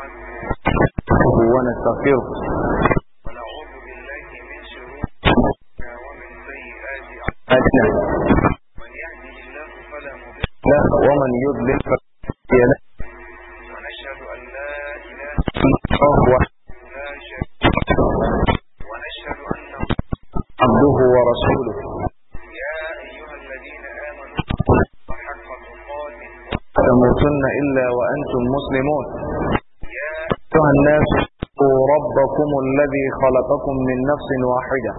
ونستغفره ونعوذ بالله من شرور ومن سيئات أعمالنا من يهده الله فلا مضل له ومن يضلل الذي خلقكم من نفس واحدة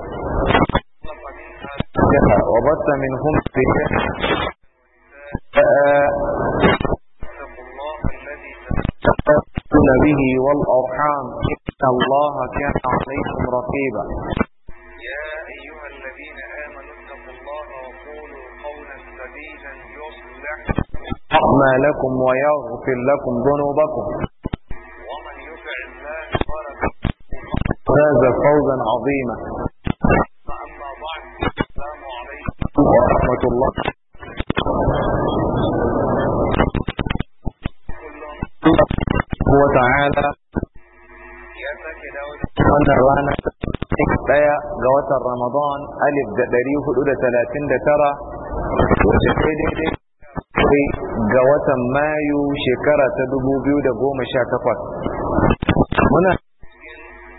وبث منهم رجالا تقول به والأرحام إن الله كان عليكم رقيبا يا أيها الذين آمنوا اتقوا الله وقولوا قولا سبيلا يصلح أعمالكم ويغفر لكم ذنوبكم alif da ɗari hudu da talatin da tara wacce kai daidai ga watan mayu shekara ta dubu biyu da goma sha takwas muna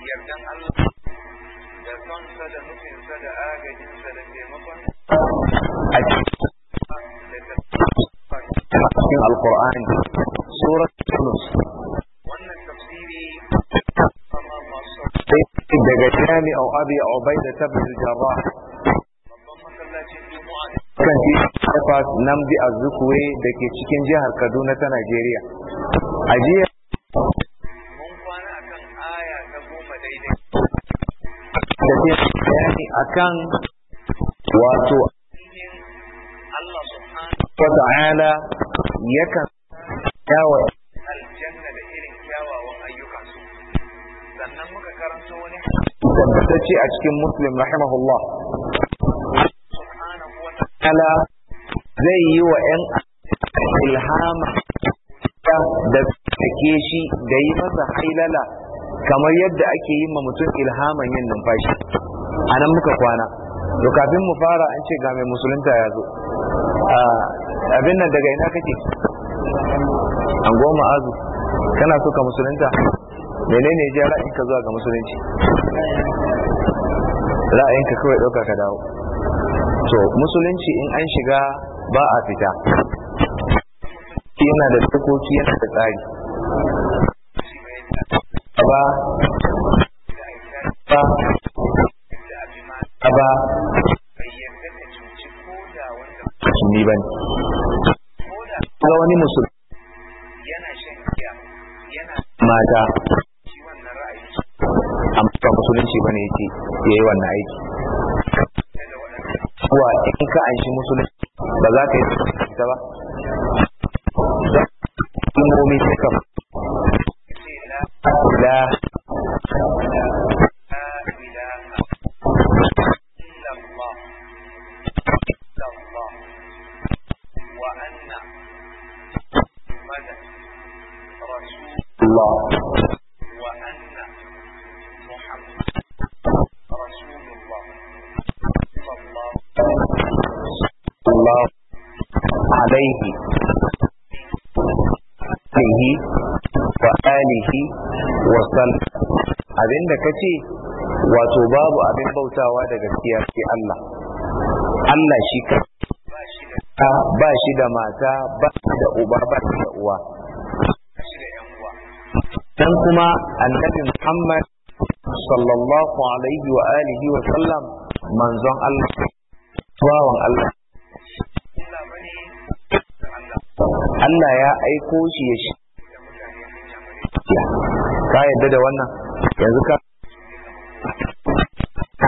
yardan Allah da sonsa da nufinsa da agajinsa da taimakon a cikin alkur'ani surat yunus wannan tafsiri daga jami'a abi ubaida tabbatul jarrah kan tafas namdi azukuwe da ke cikin jihar kaduna ta najeriya a jiya da ke bayani akan wato Allah subhanahu wa ta'ala yakan yawa aljanna da irin kyawawan ayyukan su sannan muka wani tabbatacce a cikin muslim rahimahullah kala zai yi wa 'yan ilhama da take shi da yi masa hailala kamar yadda ake yi ma mutum ilhaman yin numfashi a nan muka kwana to kafin mu fara an ce ga mai musulunta ya zo abin nan daga ina kake an goma azu kana so ka musulunta menene ya ka zuwa ga musulunci ra'ayinka kawai ɗauka ka dawo to musulunci in an shiga ba a fita yana da dokoki yana da tsari ba ka ce wato babu abin bautawa da gaskiya sai Allah Allah shi ka ba shi da mata ba shi da uba ba shi da uwa dan kuma annabi Muhammad sallallahu alaihi wa alihi wa sallam manzon Allah Allah Allah ya aiko shi ya shi ka yadda da wannan yanzu ka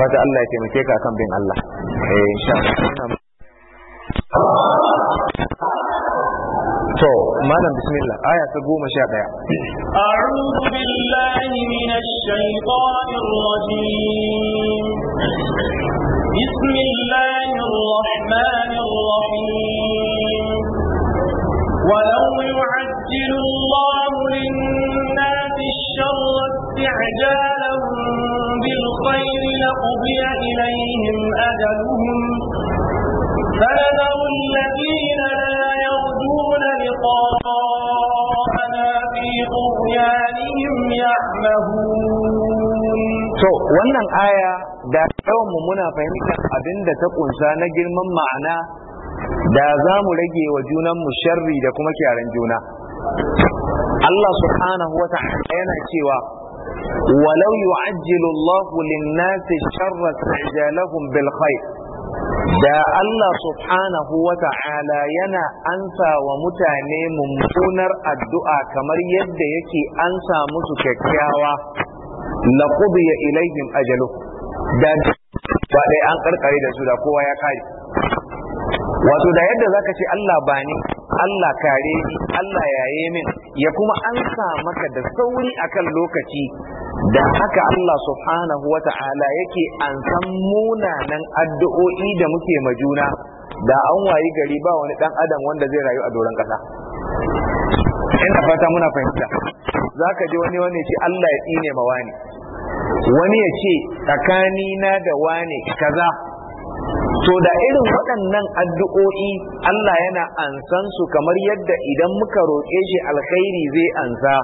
fata Allah ya taimake ka akan bin Allah eh insha to malam bismillah aya ta goma sha ɗaya a'udhu billahi minash shaitanir rajim bismillah قضي إليهم أجلهم فنذر الذين لا يرجون لقاءنا في طغيانهم يعمهون to wannan aya da yawanmu muna fahimtar abin da ta kunsa na girman ma'ana da za mu rage wa junanmu sharri da kuma kyaran juna Allah subhanahu wa ta'ala yana cewa ولو يعجل الله للناس الشر استعجالهم بالخير da Allah subhanahu wa ta'ala yana ansa wa mutane mummunar addu'a kamar yadda yake ansa musu kyakkyawa la qudiya ilaihim ajalu da ba dai an karkare da su da kowa ya kare wato da yadda zaka ce Allah ba ni Allah kare ni Allah yaye min ya kuma an sa maka da sauri akan lokaci da haka Allah subhanahu wa ta'ala yake an san munanan addu'o'i da muke majuna da an wayi gari ba wani dan adam wanda zai rayu a doron kasa ina fata muna fahimta zaka ji wani wani ce Allah ya tsine ma wani wani ya ce tsakani na da wani kaza to da irin waɗannan addu'o'i Allah yana ansan su kamar yadda idan muka roƙe shi alkhairi zai ansa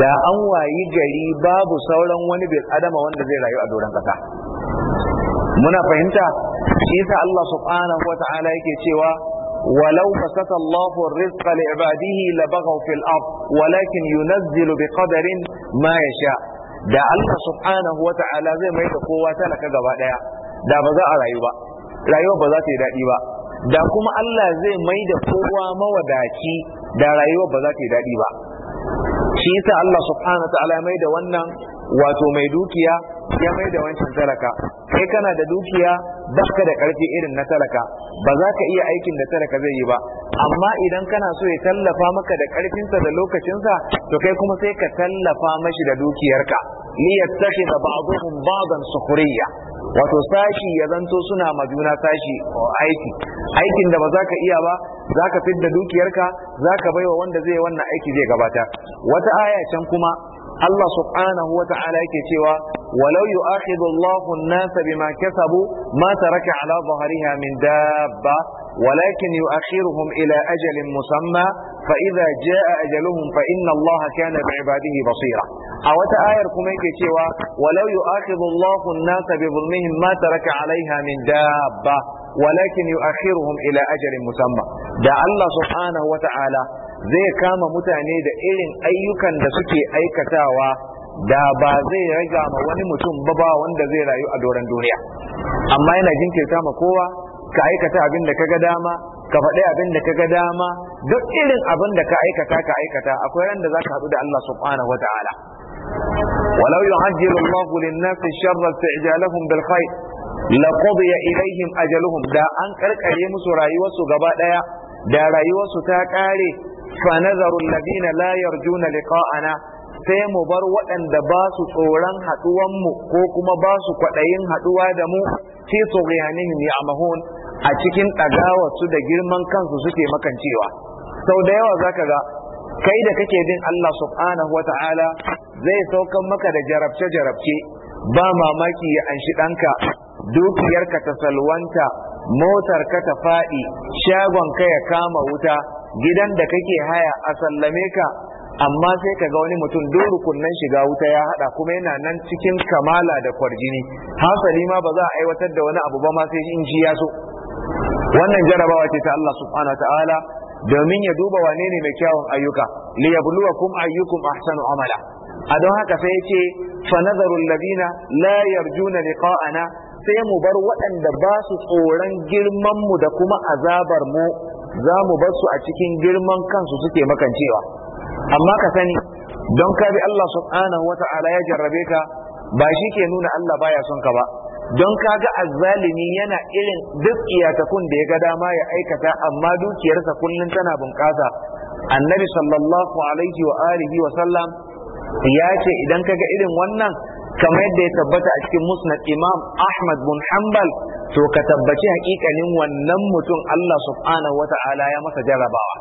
da an wayi gari babu sauran wani bil adama wanda zai rayu a doron kasa muna fahimta shi yasa Allah subhanahu wata'ala yake cewa walau fasaka Allahu rizqa li ibadihi labaghaw fil ard walakin yunazzilu biqadarin ma yasha da Allah subhanahu wata'ala zai mai da kowa talaka gaba daya da ba za a rayu ba rayuwa ba za ta yi daɗi ba da kuma Allah zai mai da kowa mawadaci da rayuwa ba za ta yi daɗi ba shi yasa Allah subhanahu ta'ala ya mai da wannan wato mai dukiya ya mai da wancan talaka kai kana da dukiya baka da karfi irin na talaka ba za ka iya aikin da talaka zai yi ba amma idan kana so ya tallafa maka da karfinsa da lokacinsa to kai kuma sai ka tallafa mashi da dukiyarka liyattakhidha yattakhidha ba'dhum ba'dan sukhriya wato sashi ya zanto suna ma juna sashi aiki aikin da ba za ka iya ba za ka fidda dukiyarka za ka baiwa wanda zai wannan aiki zai gabata wata aya can kuma Allah subhanahu wa ta'ala yake cewa walau yu'akhidhu Allahu an-nasa bima kasabu ma taraka ala dhahriha min dabba ولكن يؤخرهم إلى أجل مسمى فإذا جاء أجلهم فإن الله كان بعباده بصيرا أو تآير كميك سوى ولو يؤاخذ الله الناس بظلمهم ما ترك عليها من دابة ولكن يؤخرهم إلى أجل مسمى دا الله سبحانه وتعالى zai kama mutane da irin ayyukan da suke aikatawa da ba zai raga ma wani mutum ba ba wanda zai rayu a doron duniya amma yana jinkirta ma kowa ka aikata abin da kaga dama ka faɗi abin da kaga dama duk irin abin da ka aikata ka aikata akwai ran da ka haɗu da Allah subhanahu wataala walau yu'ajjilu Allahu lin-nasi sharra isti'jalahum bil khair laqudiya ilaihim ajaluhum da an karkare musu rayuwarsu gaba ɗaya, da rayuwarsu ta kare fa nazaru alladhina la yarjuna liqa'ana sai mu bar waɗanda ba su tsoron mu ko kuma ba su kwaɗayin haɗuwa da mu fi tsogiyanihim ya mahon a cikin ɗagawar su da girman kansu suke makancewa sau da yawa za ka ga kai da kake bin Allah subhanahu wa ta'ala zai saukan maka da jarabce-jarabce ba mamaki ya anshi ɗanka dukiyarka ta salwanta motarka ta faɗi ka ya kama wuta gidan da kake haya a sallame ka amma sai ka ga wani mutum duk kunnan shiga wuta ya hada kuma yana nan cikin kamala da kwarjini hasali ma ba za a aiwatar da wani abu ba ma sai in ji ya so wannan jarabawa ce ta Allah subhanahu wa ta'ala domin ya duba wane ne mai kyawun ayyuka li kum ayyukum ahsanu amala a don haka sai yace fa nazarul ladina la yarjuna liqa'ana sai mu bar waɗanda ba su tsoron girman mu da kuma azabar mu za mu bar su a cikin girman kansu suke makancewa amma ka sani don ka bi Allah subhanahu ta'ala ya jarrabe ka ba shi ke nuna Allah baya son ka ba don kaga azzalimi yana irin duk iyatakun da ya ga dama ya aikata amma dukiyarsa kullum tana bunƙasa annabi sallallahu alaihi wa alihi wa sallam ya ce idan kaga irin wannan kamar yadda ya tabbata a cikin musnad imam ahmad bin hanbal to ka tabbaci hakikanin wannan mutum allah subhanahu wata'ala ya masa jarrabawa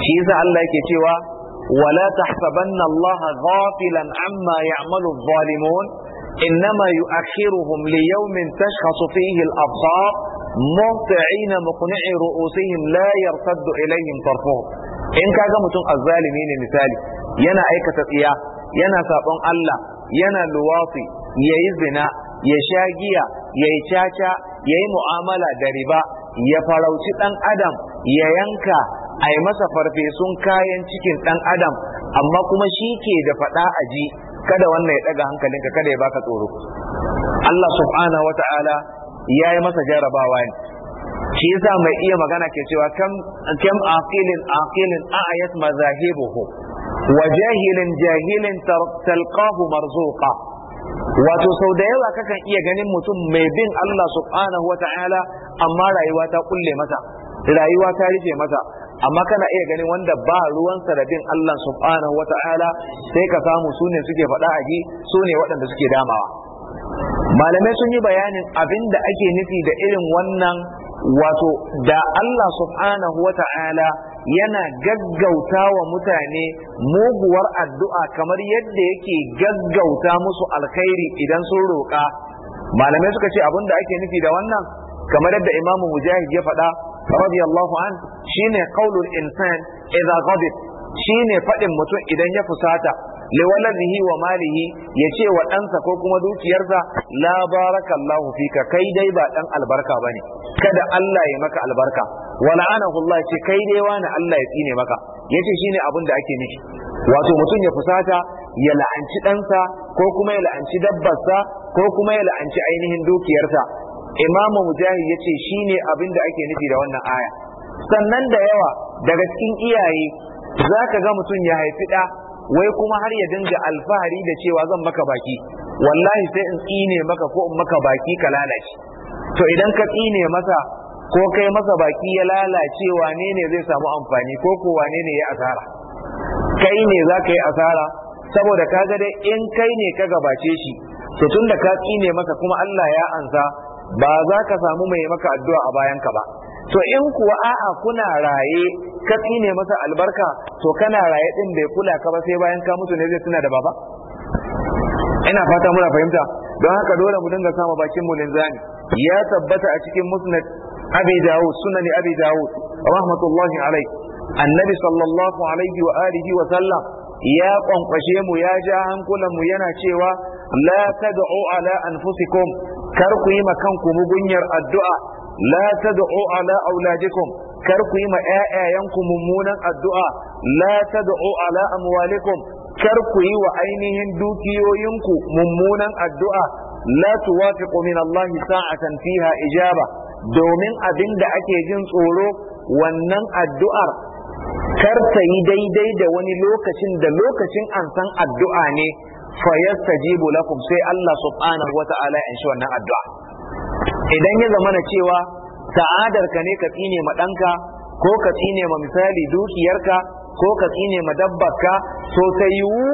shi yasa allah yake cewa wala tahsabanna allaha ghafilan amma ya'malu adh إنما يؤخرهم ليوم تشخص فيه الأبصار مهطعين مقنعي رؤوسهم لا يرتد إليهم طرفهم إن كان متون الظالمين مثالي ينا أيك تقيا ينا سابون الله ينا لواطي ييزنا يشاجيا ييشاشا يي معاملة دربا يفلوشي تن أدم يينكا أي مسافر في كاين تشيكين تن أدم أما كما شيكي دفتا أجي kada wannan ya daga hankalinka kada ya baka tsoro Allah subhanahu wata'ala ya yi masa jarabawa ne shi yasa mai iya magana ke cewa kam kam aqilin aqilin ayat mazahibuhu wa jahilin jahilin talqahu marzuqa wato sau da yawa kakan iya ganin mutum mai bin Allah subhanahu wata'ala amma rayuwa ta kulle masa rayuwa ta rufe masa amma kana iya ganin wanda ba ruwan da bin Allah subhanahu ta'ala sai ka samu su ne suke faɗa a ji su ne waɗanda suke damawa malamai sun yi bayanin abin da ake nufi da irin wannan wato da Allah subhanahu ta'ala yana gaggauta wa mutane muguwar addu'a kamar yadda yake gaggauta musu alkhairi idan sun roƙa malamai suka ce abin da ake nufi da wannan kamar yadda imamu mujahid ya faɗa radiyallahu an shine qaulul insan idza ghadib shine fadin mutum idan ya fusata liwaladihi wa malihi ya ce wa ɗansa ko kuma dukiyarsa la barakallahu fika kai dai ba ɗan albarka bane kada Allah ya maka albarka wa la'anahu Allah kai dai wani Allah ya tsine maka yace shine abin da ake nufi wato mutum ya fusata ya la'anci ɗansa ko kuma ya la'anci dabbarsa ko kuma ya la'anci ainihin dukiyarsa imamu mujahid yace shine abin da ake nufi da wannan aya sannan da yawa daga cikin iyaye zaka ga mutum ya haifi da wai kuma har ya dinga alfahari da cewa zan maka baki wallahi sai in tsine maka ko in maka baki ka lalace to idan ka tsine masa ko kai masa baki ya lalace wane ne zai samu amfani ko ko wane ne ya asara kai ne za ka yi asara saboda ka ga dai in kai ne ka gabace shi to tunda ka tsine masa kuma Allah ya ansa ba za ka samu mai maka addu'a a bayanka ba to in kuwa a'a kuna raye ka tsine masa albarka to kana raye din bai kula ka ba sai bayan ka mutu ne zai tuna da baba ina fata muna fahimta don haka dole mu dinga sama bakin mu linzami ya tabbata a cikin musnad abi dawud sunan abi dawud rahmatullahi alaihi annabi sallallahu alaihi wa alihi wa sallam ya kwankwashe mu ya ja hankulan mu yana cewa la tad'u ala anfusikum kar ku yi kanku mugunyar addu'a la tad'u ala auladikum kar ku yi ma ƴaƴayanku mummunan addu'a la tad'u ala amwalikum kar ku yi wa ainihin dukiyoyinku mummunan addu'a la tuwafiqu min Allah sa'atan fiha ijaba domin abin da ake jin tsoro wannan addu'ar kar ta yi daidai da wani lokacin da lokacin an san addu'a ne Fayasta yastajibu lakum sai Allah subhanahu wata'ala ya shi wannan addu'a idan ya zamana cewa sa'adar ka ne ka tsine ma danka ko ka tsine ma misali dukiyarka ko ka tsine ma dabbarka to ta yiwu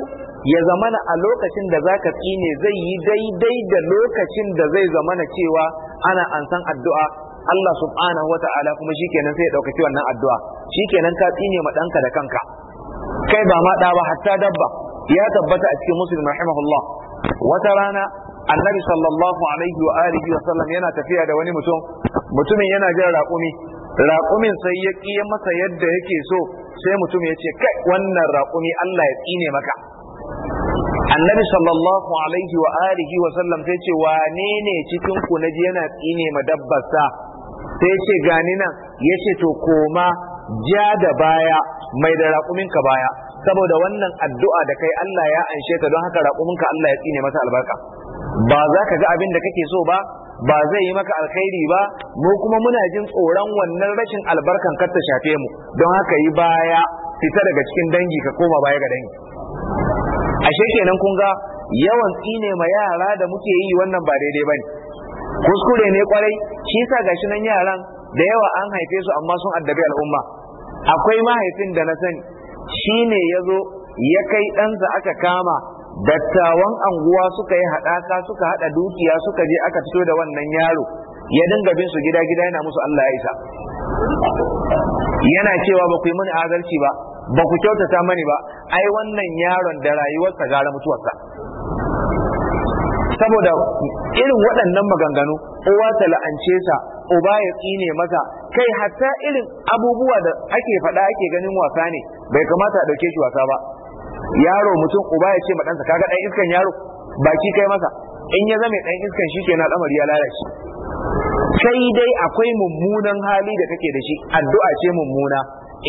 ya zamana a lokacin da zaka tsine zai yi daidai da lokacin da zai zamana cewa ana ansan addu'a Allah subhanahu wa ta'ala kuma shikenan sai ya ɗaukaci wannan addu'a shikenan ka tsine ma ɗanka da kanka kai ba ma ɗa ba hatta dabba ya tabbata a cikin muslim rahimahullah wata rana annabi sallallahu alaihi wa alihi wa sallam yana tafiya da wani mutum mutumin yana jin raƙumi raƙumin sai ya masa yadda yake so sai mutum ya ce kai wannan raƙumi Allah ya tsine maka annabi sallallahu alaihi wa alihi wa sallam sai ce wane ne cikin ku naji yana tsine ma dabbarsa sai ce gani nan yace to koma ja da baya mai da raƙumin ka baya saboda wannan addu'a da kai Allah ya anshe ta don haka raƙuminka Allah ya tsine masa albarka ba za ka ga abin da kake so ba ba zai yi maka alkhairi ba mu kuma muna jin tsoron wannan rashin albarkan kar ta shafe mu don haka yi baya fita daga cikin dangi ka koma baya ga dangi ashe kenan kun ga yawan tsine ma yara da muke yi wannan ba daidai bane kuskure ne kwarai shi sa gashi nan yaran da yawa an haife su amma sun addabi al'umma akwai mahaifin da na sani Shi ne ya zo ya kai ɗansa aka kama dattawan anguwa suka yi haɗaka suka haɗa dukiya suka je aka fito da wannan yaro ya dinga bin su gida gida yana musu Allah ya isa yana cewa ba ku yi mani adalci ba ba ku kyautata mani ba ai wannan yaron da rayuwarsa gara mutuwarsa saboda irin waɗannan maganganu uwa ta la'ance sa uba ya tsine masa kai hatta irin abubuwa da ake faɗa ake ganin wasa ne bai kamata a ɗauke shi wasa ba yaro mutum uba ya ce ma ɗansa kaga ɗan iskan yaro baki kai masa in ya zame ɗan iskan shi kenan al'amari ya lalace sai dai akwai mummunan hali da kake da shi addu'a ce mummuna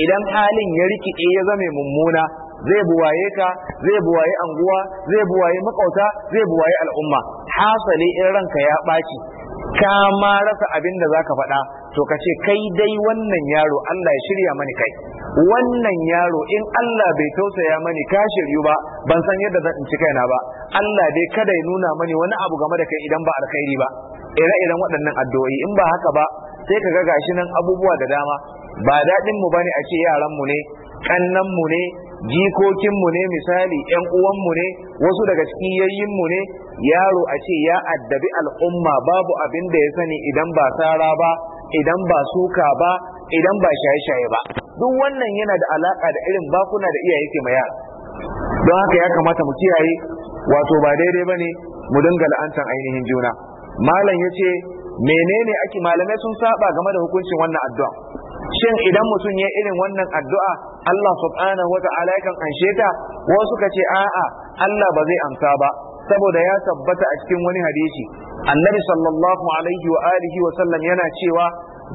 idan halin ya rikide ya zame mummuna zai buwaye ka zai buwaye anguwa zai buwaye makauta zai buwaye al'umma hasali in ranka ya ɓaci ka ma rasa abin da zaka faɗa to ka ce kai dai wannan yaro Allah ya shirya mani kai wannan yaro in Allah bai tausaya mani ka shiryu ba ban san yadda zan ci kaina ba Allah dai kada ya nuna mani wani abu game da kai idan ba alkhairi ba ire-iren waɗannan addu'o'i in ba haka ba sai ka ga gashi nan abubuwa da dama ba daɗin mu bane a ce yaran mu ne kannan mu ne jikokinmu ne misali ‘yan uwanmu ne wasu daga cikin yayyinmu ne yaro a ce ya addabi al'umma babu abin da ya sani idan ba sara ba idan ba suka ba idan ba shaye-shaye ba duk wannan yana da alaka da irin bakuna da iyaye ke maya don haka ya kamata mu kiyaye wato ba daidai ba ne mu dinga la'antar ainihin juna malam ya ce menene ake malamai sun saba game da hukuncin wannan addu'a shin idan mutum ya irin wannan addu'a Allah subhanahu wa ta'ala kan anshe ta wasu suka ce a'a Allah ba zai amsa ba saboda ya tabbata a cikin wani hadisi annabi sallallahu alaihi wa alihi wa sallam yana cewa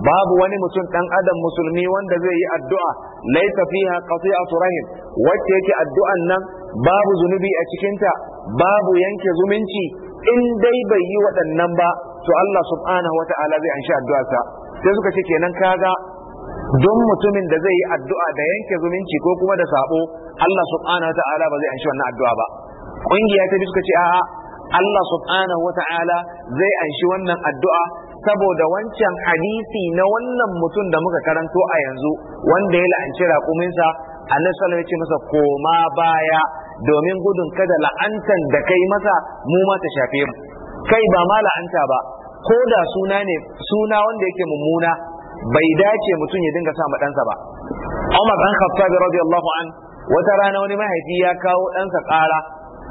babu wani mutum dan adam musulmi wanda zai yi addu'a laisa fiha qati'atu rahim wacce yake addu'an nan babu zunubi a cikinta babu yanke zumunci in dai bai yi waɗannan ba to Allah subhanahu wa ta'ala zai anshi addu'arsa sai suka ce kenan kaga don mutumin da zai yi addu'a da yanke zumunci ko kuma da sabo Allah subhanahu wata'ala ba zai anshi wannan addu'a ba kungiya ta suka ce a'a Allah subhanahu wata'ala zai anshi wannan addu'a saboda wancan hadisi na wannan mutum da muka karanto a yanzu wanda ya la'anci raƙuminsa Allah sallallahu ya ce masa koma baya domin gudun kada la'antan da kai masa mu ma ta shafe mu kai ba ma la'anta ba ko da suna ne suna wanda yake mummuna bai dace mutum ya dinga sa ma ɗansa ba Umar ɗan Khattab radiyallahu an wata rana wani mahaifi ya kawo ɗansa ƙara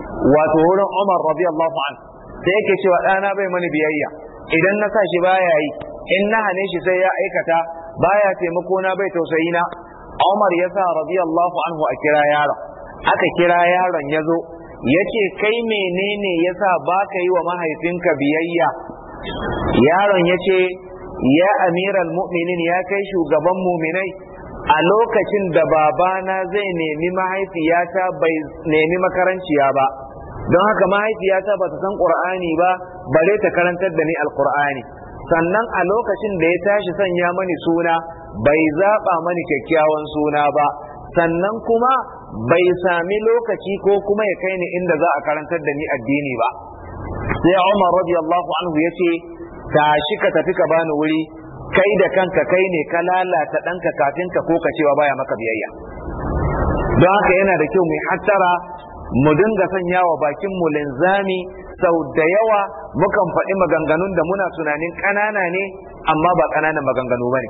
wato wurin Umar radiyallahu an sai yake cewa ɗana bai mani biyayya idan na sa shi baya yi in na hane shi sai ya aikata baya taimako na bai tausayi na Umar ya sa radiyallahu anhu a kira yaron aka kira yaron ya zo ya ce kai menene ya sa ba ka yi wa mahaifinka biyayya yaron ya ce ya amiral mu'minin ya kai shugaban muminai a lokacin da babana zai nemi mahaifiyata bai nemi makaranciya ba don haka mahaifiyata ba ta san qur'ani ba bare ta karantar da ni alqur'ani sannan a lokacin da ya tashi sanya mani suna bai zaɓa mani kyakkyawan suna ba sannan kuma bai sami lokaci ko kuma ya kai ni inda za a karantar da ni addini ba sai Umar radiyallahu anhu yace tashi ka tafi ka bani wuri kai da kanka kai ne ka lalata ɗanka kafin ka ko ka cewa baya maka biyayya don haka yana da kyau mai hattara mu dinga sanya wa bakin mu linzami sau da yawa mukan faɗi maganganun da muna tunanin ƙanana ne amma ba ƙananan maganganu ba ne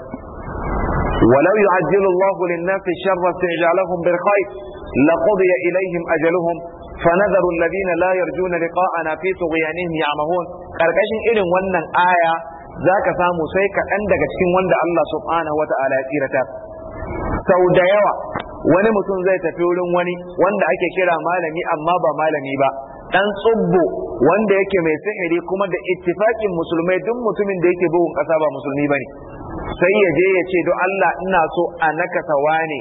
ولو يعجل الله للناس الشر استعجالهم بالخير لقضي إليهم أجلهم فنذر الذين لا يرجون لقاءنا في طغيانهم يعمهون karkashin irin wannan aya za ka samu sai kaɗan daga cikin wanda Allah subhanahu wa ta'ala ya tsirata sau da yawa wani mutum zai tafi wurin wani wanda ake kira malami amma ba malami ba Ɗan tsubbo wanda yake mai sihiri kuma da ittifakin musulmai duk mutumin da yake bugun ƙasa ba musulmi ba ne. sai ya je ya ce don Allah ina so a nakasa wane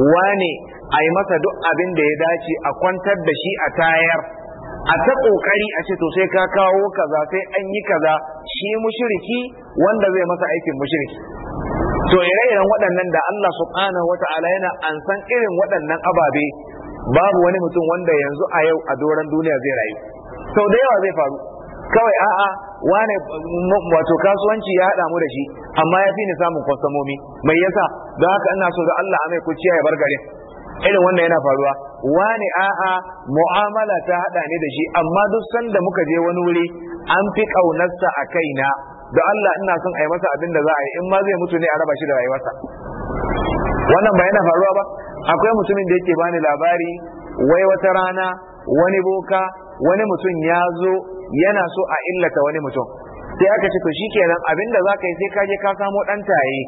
wane a yi masa duk abin da ya dace a kwantar da shi a tayar a ta kokari a ce to sai ka kawo kaza sai an yi kaza shi mushriki wanda zai masa aikin mushriki to ire-iren waɗannan da Allah subhanahu wata'ala yana an san irin waɗannan ababe babu wani mutum wanda yanzu a yau a doron duniya zai rayu sau da yawa zai faru kawai a'a wane wato kasuwanci ya haɗa mu da shi amma ya fi ni samun kwastamomi, mai yasa don haka ina so da Allah a mai kuciya ya bar garin irin wannan yana faruwa wani a'a mu'amala ta hada ne da shi amma duk sanda muka je wani wuri an fi kaunarsa a kaina da Allah ina son a yi masa abin da za a yi in ma zai mutu ne a raba shi da rayuwarsa wannan ba yana faruwa ba akwai mutumin da yake bani labari wai wata rana wani boka wani mutum ya zo yana so a illata wani mutum sai aka ce to shikenan abin da za ka yi sai ka je ka samo ɗan taye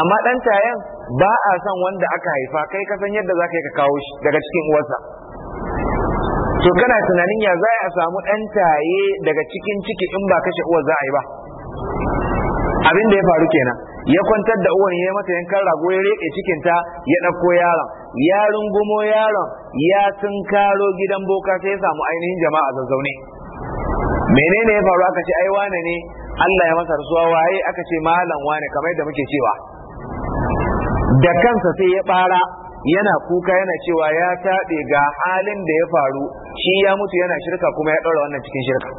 amma ɗan tayen ba a san wanda aka haifa kai ka san yadda za ka yi ka kawo shi daga cikin uwarsa to kana tunanin ya za a samu ɗan taye daga cikin ciki in ba kashe uwar za a yi ba abin da ya faru kenan ya kwantar da uwan ya mata yankan rago ya cikin cikinta ya ɗauko yaron ya rungumo yaron ya tunkaro gidan boka sai ya samu ainihin jama'a zazzaune menene ya faru aka ce ai wane ne Allah ya masa rasuwa waye aka ce malam wane kamar da muke cewa da kansa sai ya bara yana kuka yana cewa ya taɓe ga halin da ya faru shi ya mutu yana shirka kuma ya ɗora wannan cikin shirka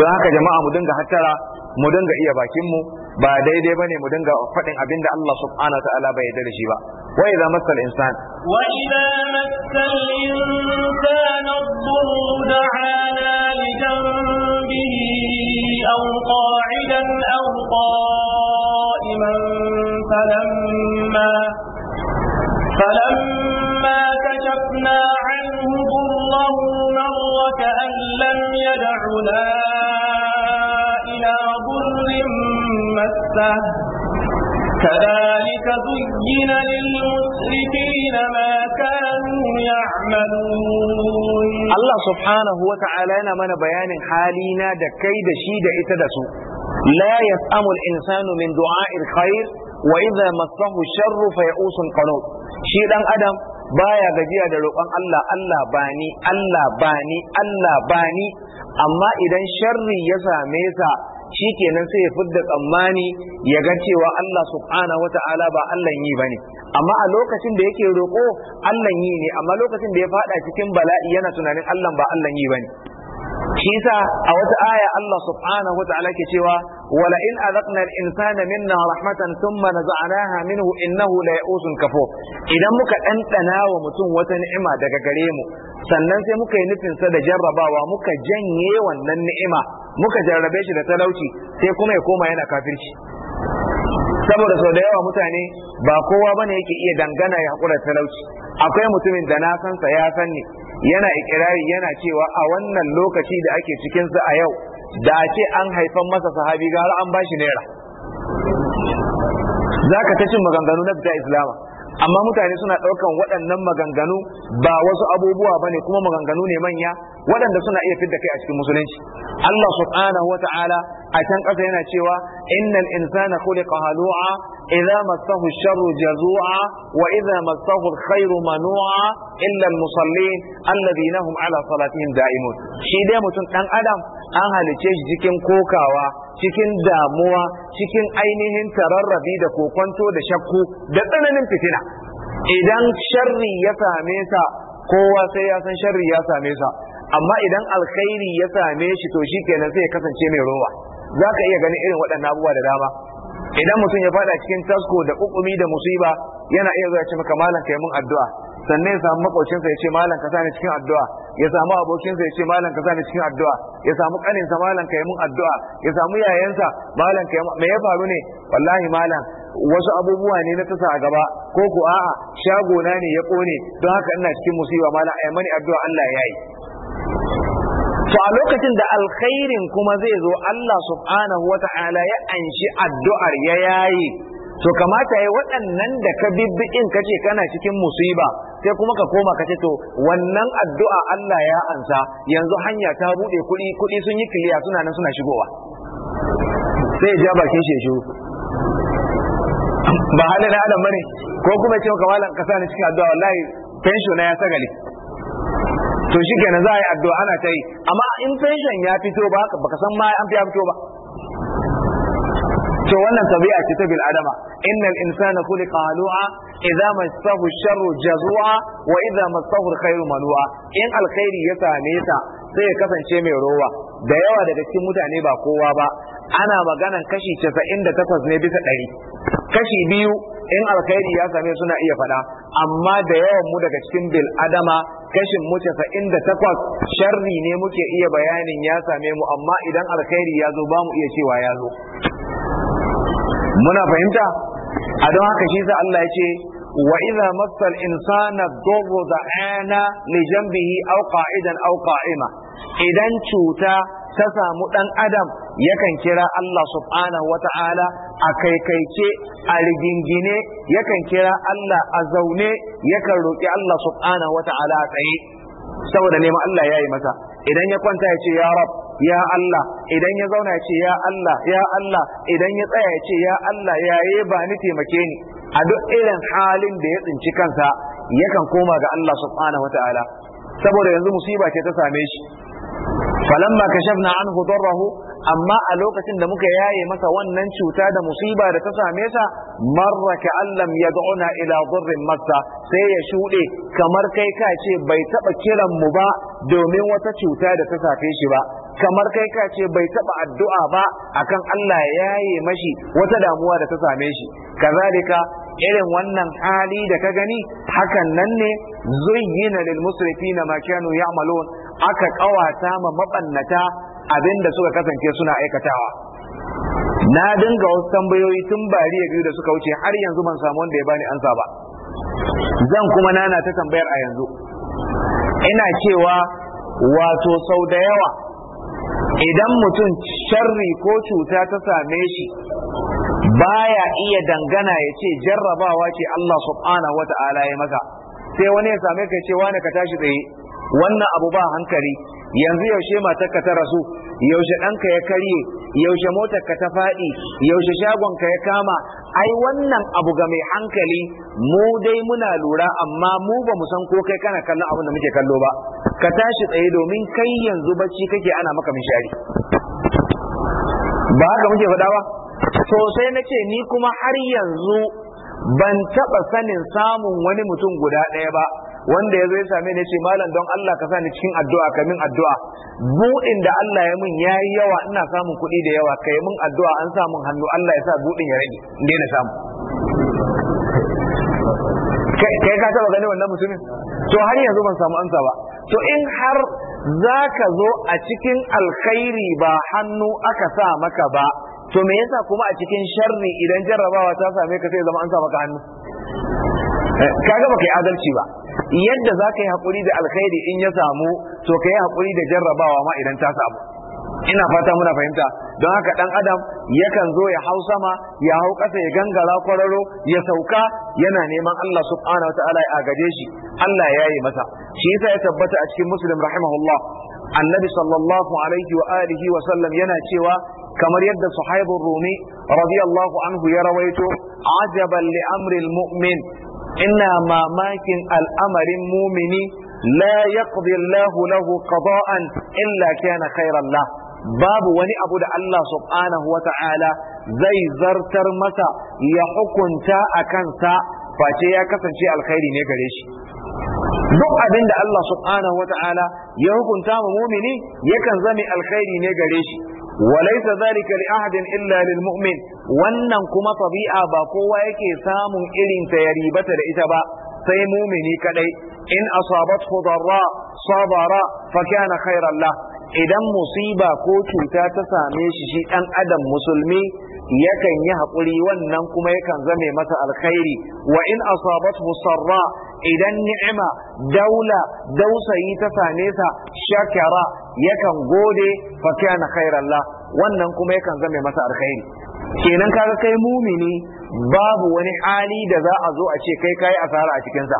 don haka jama'a mu dinga hattara mu dinga iya bakinmu ba daidai bane mu dinga faɗin abin da Allah subhanahu wa ta'ala bai yarda da shi ba wa idza massal insan wa idza massal insan ad-durru da'ana li aw qala أو قائما فلما فلما كشفنا عنه ضره مر كأن لم يدعنا إلى ضر مسه كذلك زين للمسرفين ما كانوا يعملون الله سبحانه وتعالى نمنا بيان حالنا دكيد شيد إتدسو la yas'amu al-insanu min du'a'il khair wa idza massahu sharru fa ya'usun qanut shi ɗan adam baya gajiya da roƙon Allah Allah bani Allah bani Allah bani amma idan sharri ya same sa kenan sai ya fidda tsammani ya ga cewa Allah subhanahu wata'ala ba Allah yi bane amma a lokacin da yake roƙo Allah yi ne amma lokacin da ya faɗa cikin bala'i yana tunanin Allah ba Allah yi bane shi yasa a wata aya Allah subhanahu wa ta'ala ke cewa wala in azaqna al-insana minna rahmatan thumma naza'naha minhu innahu la ya'usun kafo. idan muka dandana wa mutum wata ni'ima daga gare mu sannan sai muka yi nufin sa da jarrabawa muka janye wannan ni'ima muka jarrabe shi da talauci sai kuma ya koma yana kafirci saboda sau da yawa mutane ba kowa ba ne yake iya dangana ya haƙura talauci akwai mutumin da na sansa ya ne yana ikirari yana cewa a wannan lokaci da ake cikinsa a yau da a ce an haifan masa sahabi gara an ba shi naira za ka ta cin maganganu na fita islama amma mutane suna ɗaukan waɗannan maganganu ba wasu abubuwa ba ne kuma maganganu ne manya waɗanda suna iya fidda kai a cikin musulunci Allah subhanahu wa ta'ala a can ƙasa yana cewa innal insana khuliqa halu'a idza massahu sharru jazu'a wa idza massahu alkhairu manu'a illa almusallin alladhina hum ala salatihim da'imun shi dai mutum dan adam an halice shi cikin kokawa cikin damuwa cikin ainihin tararrabi da kokonto da shakku da tsananin fitina idan sharri ya same sa kowa sai ya san sharri ya same sa amma idan alkhairi ya same shi to shi kenan sai ya kasance mai rowa za ka iya ganin irin waɗannan abubuwa da dama idan mutum ya fada cikin tasko da ƙuƙumi da musiba yana iya zuwa ce maka malam yi mun addu'a sannan ya samu makocinsa ya ce malam ka sani cikin addu'a ya samu abokinsa ya ce malam ka sani cikin addu'a ya samu kaninsa malam yi mun addu'a ya samu yayansa malam kai me ya faru ne wallahi malam wasu abubuwa ne na tasa a gaba ko ku a'a ne ya kone don haka ina cikin musiba malam mani addu'a Allah ya yi to a lokacin da alkhairin kuma zai zo Allah subhanahu wa ta'ala ya anshi addu'ar ya yayi to kamata ya waɗannan da ka bibbi'in ka ce kana cikin musiba sai kuma ka koma ka ce to wannan addu'a Allah ya ansa yanzu hanya ta buɗe kuɗi kuɗi sun yi kiliya suna nan suna shigowa sai ja bakin shi shiru ba halin adam bane ko kuma ce ka malam ka sa ni cikin addu'a wallahi pension na ya sagale to shi kenan za a yi addu'a ana ta yi amma in pension ya fito ba baka san ma an fi fito ba to wannan tabi'a ce ta bil adama innal insana khuliqa halu'a idza massahu sharru jazua wa idza massahu alkhairu manua in alkhairi ya same ta sai ya kasance mai rowa da yawa daga cikin mutane ba kowa ba ana maganan kashi 98 ne bisa 100 kashi biyu in alkhairi ya same suna iya faɗa amma da yawan mu daga cikin bil adama kashin mu 98 sharri ne muke iya bayanin ya same mu amma idan alkhairi ya zo ba mu iya cewa ya zo muna fahimta a don haka shi sa Allah ya ce wa idza massa al-insana darru da'ana li janbihi aw qa'idan aw qa'ima idan cuta ta samu dan adam yakan kira Allah subhanahu wa ta'ala a kaikaice a rigingine yakan kira Allah a zaune yakan roƙi Allah subhanahu wa ta'ala a tsaye saboda neman Allah ya yi mata, idan ya kwanta ya ce ya rab ya Allah idan ya zauna ya ce ya Allah ya Allah idan ya tsaya ya ce ya Allah ya yi ba ni taimake ni a duk irin halin da ya tsinci kansa yakan koma ga Allah subhanahu wa ta'ala saboda yanzu musiba ce ta same shi falamma kashafna anhu darrahu amma a lokacin da muka yaye masa wannan cuta da musiba da ta same sa marra ka allam yad'una ila dhurrin massa sai ya shude kamar kai ka ce bai taba kiran mu ba domin wata cuta da ta safe shi ba kamar kai ka ce bai taba addu'a ba akan Allah ya yaye mashi wata damuwa da ta same shi kazalika irin wannan hali da ka gani hakan nan ne zuyyina lil musrifina ma kanu ya'malun aka kawata ma mabannata abinda suka kasance suna aikatawa na dinga wasu tambayoyi tun bari ya biyu da suka wuce har yanzu ban samu wanda ya bani ansa ba zan kuma nana ta tambayar a yanzu ina cewa wato sau da yawa idan mutum sharri ko cuta ta same shi baya iya dangana ya ce jarrabawa ce Allah subhanahu wa ta'ala ya maka sai wani ya same ka ce wani ka tashi tsaye wannan abu ba hankali yanzu yaushe matarka ta rasu yaushe ɗanka ya karye yaushe motarka ta faɗi yaushe shagon ka ya kama ai wannan abu ga mai hankali mu dai muna lura amma mu ba mu san ko kai kana kallon abin da muke kallo ba ka tashi tsaye domin kai yanzu bacci kake ana maka mishari ba haka muke faɗa ba to sai na ce ni kuma har yanzu ban taɓa sanin samun wani mutum guda ɗaya ba wanda ya zo ya same ni ce malam don Allah ka sani cikin addu'a ka addu'a buɗin da Allah ya min yayi yawa ina samun kuɗi da yawa kai min addu'a an sa hannu Allah ya sa budin ya rage in daina samu kai ka taba gani wannan mutumin to har yanzu ban samu amsa ba to in har za ka zo a cikin alkhairi ba hannu aka sa maka ba to me yasa kuma a cikin sharri idan jarrabawa ta same ka sai zama an sa maka hannu ka baka yi adalci ba yadda za ka yi haƙuri da alkhairi in ya samu to ka yi haƙuri da jarrabawa ma idan ta samu ina fata muna fahimta don haka ɗan adam yakan zo ya hau sama ya hau ƙasa ya gangara kwararo ya sauka yana neman Allah subhanahu wa ta'ala ya agaje shi Allah ya yi masa shi yasa ya tabbata a cikin muslim rahimahullah annabi sallallahu alaihi wa alihi wa sallam yana cewa kamar yadda suhaibun rumi radiyallahu anhu ya rawaito ajaban li amril mu'min ina mamakin al'amarin mumini la yaqdi Allahu lahu qada'an illa kana khairan la babu wani abu da Allah subhanahu wa ta'ala zai zartar masa ya hukunta a kansa face ya kasance alkhairi ne gare shi duk abin da Allah subhanahu wa ta'ala ya hukunta ma mumini yakan zame alkhairi ne gare shi وليس ذلك لأحد إلا للمؤمن wannan kuma tabi'a ba kowa yake samun irin ta yaribata da ita ba sai mumini kadai in asabat darra sabara fa kana khairan idan musiba ko cuta ta same shi shi dan adam musulmi yakan yi haƙuri wannan kuma yakan zame masa alkhairi wa in asabathu sarra idan ni'ima daula dausayi ta same sa shakara yakan gode fa kana khairan la wannan kuma yakan zame masa alkhairi kenan kaga kai mumini babu wani hali da za a zo a ce kai kai asara a cikin sa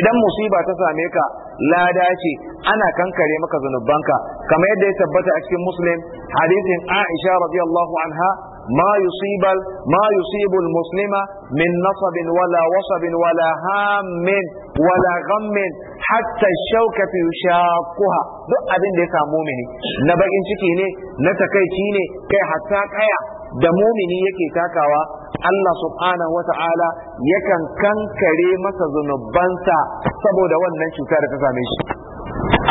idan musiba ta same ka lada ce ana kankare maka zunubanka kamar yadda ya tabbata a cikin muslim hadisin aisha radiyallahu anha ما يصيب ما يصيب المسلم من نصب ولا وصب ولا هام ولا غم حتى الشوكة يشاقها duk abinda ya samu mumini na bakin ciki ne na takaici ne kai hatta kaya da mumini yake takawa Allah subhanahu wa ta'ala yakan kankare masa zunubansa saboda wannan cutar da ta same shi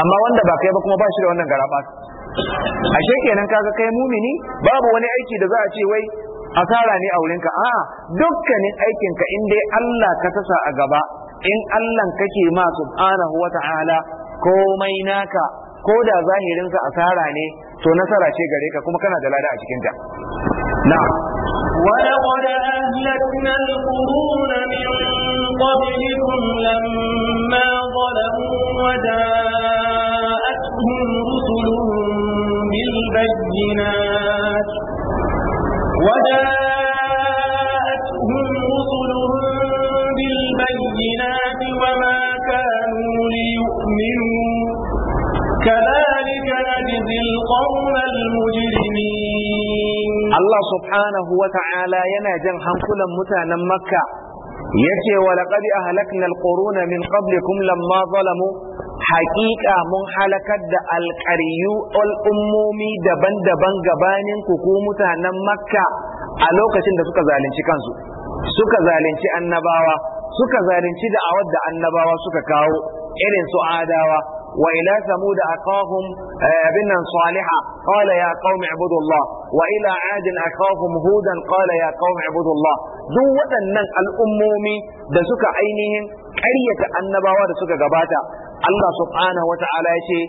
amma wanda ba kai ba kuma ba shi da wannan garaba ashe kenan kaga kai mumini babu wani aiki da za a ce wai asara ne a wurinka a dukkanin aikinka in dai Allah ka tasa a gaba in Allah kake ma subhanahu wa ta'ala komai naka ko da zahirinsa asara ne to nasara ce gare ka kuma kana da lada a cikinta na'am ولقد أهلكنا القرون من قبلكم لما ظلموا وداءتهم رسلهم المؤمنات وجاءتهم رسلهم بالبينات وما كانوا ليؤمنوا كذلك نجزي القوم المجرمين الله سبحانه وتعالى ينهج الحنقل متانا مكة يتي ولقد أهلكنا القرون من قبلكم لما ظلموا haƙiƙa mun halakar da alƙaryu al'ummomi daban-daban gabanin kuku mutanen makka a lokacin da suka zalunci kansu suka zalunci annabawa suka zalunci da'awar da annabawa suka kawo irin su adawa wa ila samud aqahum eh, abin nan saliha qala ya qaumi ibudullah wa ila ad aqahum hudan qala ya qaumi ibudullah duk waɗannan al'ummomi da suka ainihin ƙaryata annabawa da suka gabata Allah subhanahu wata'ala ya ce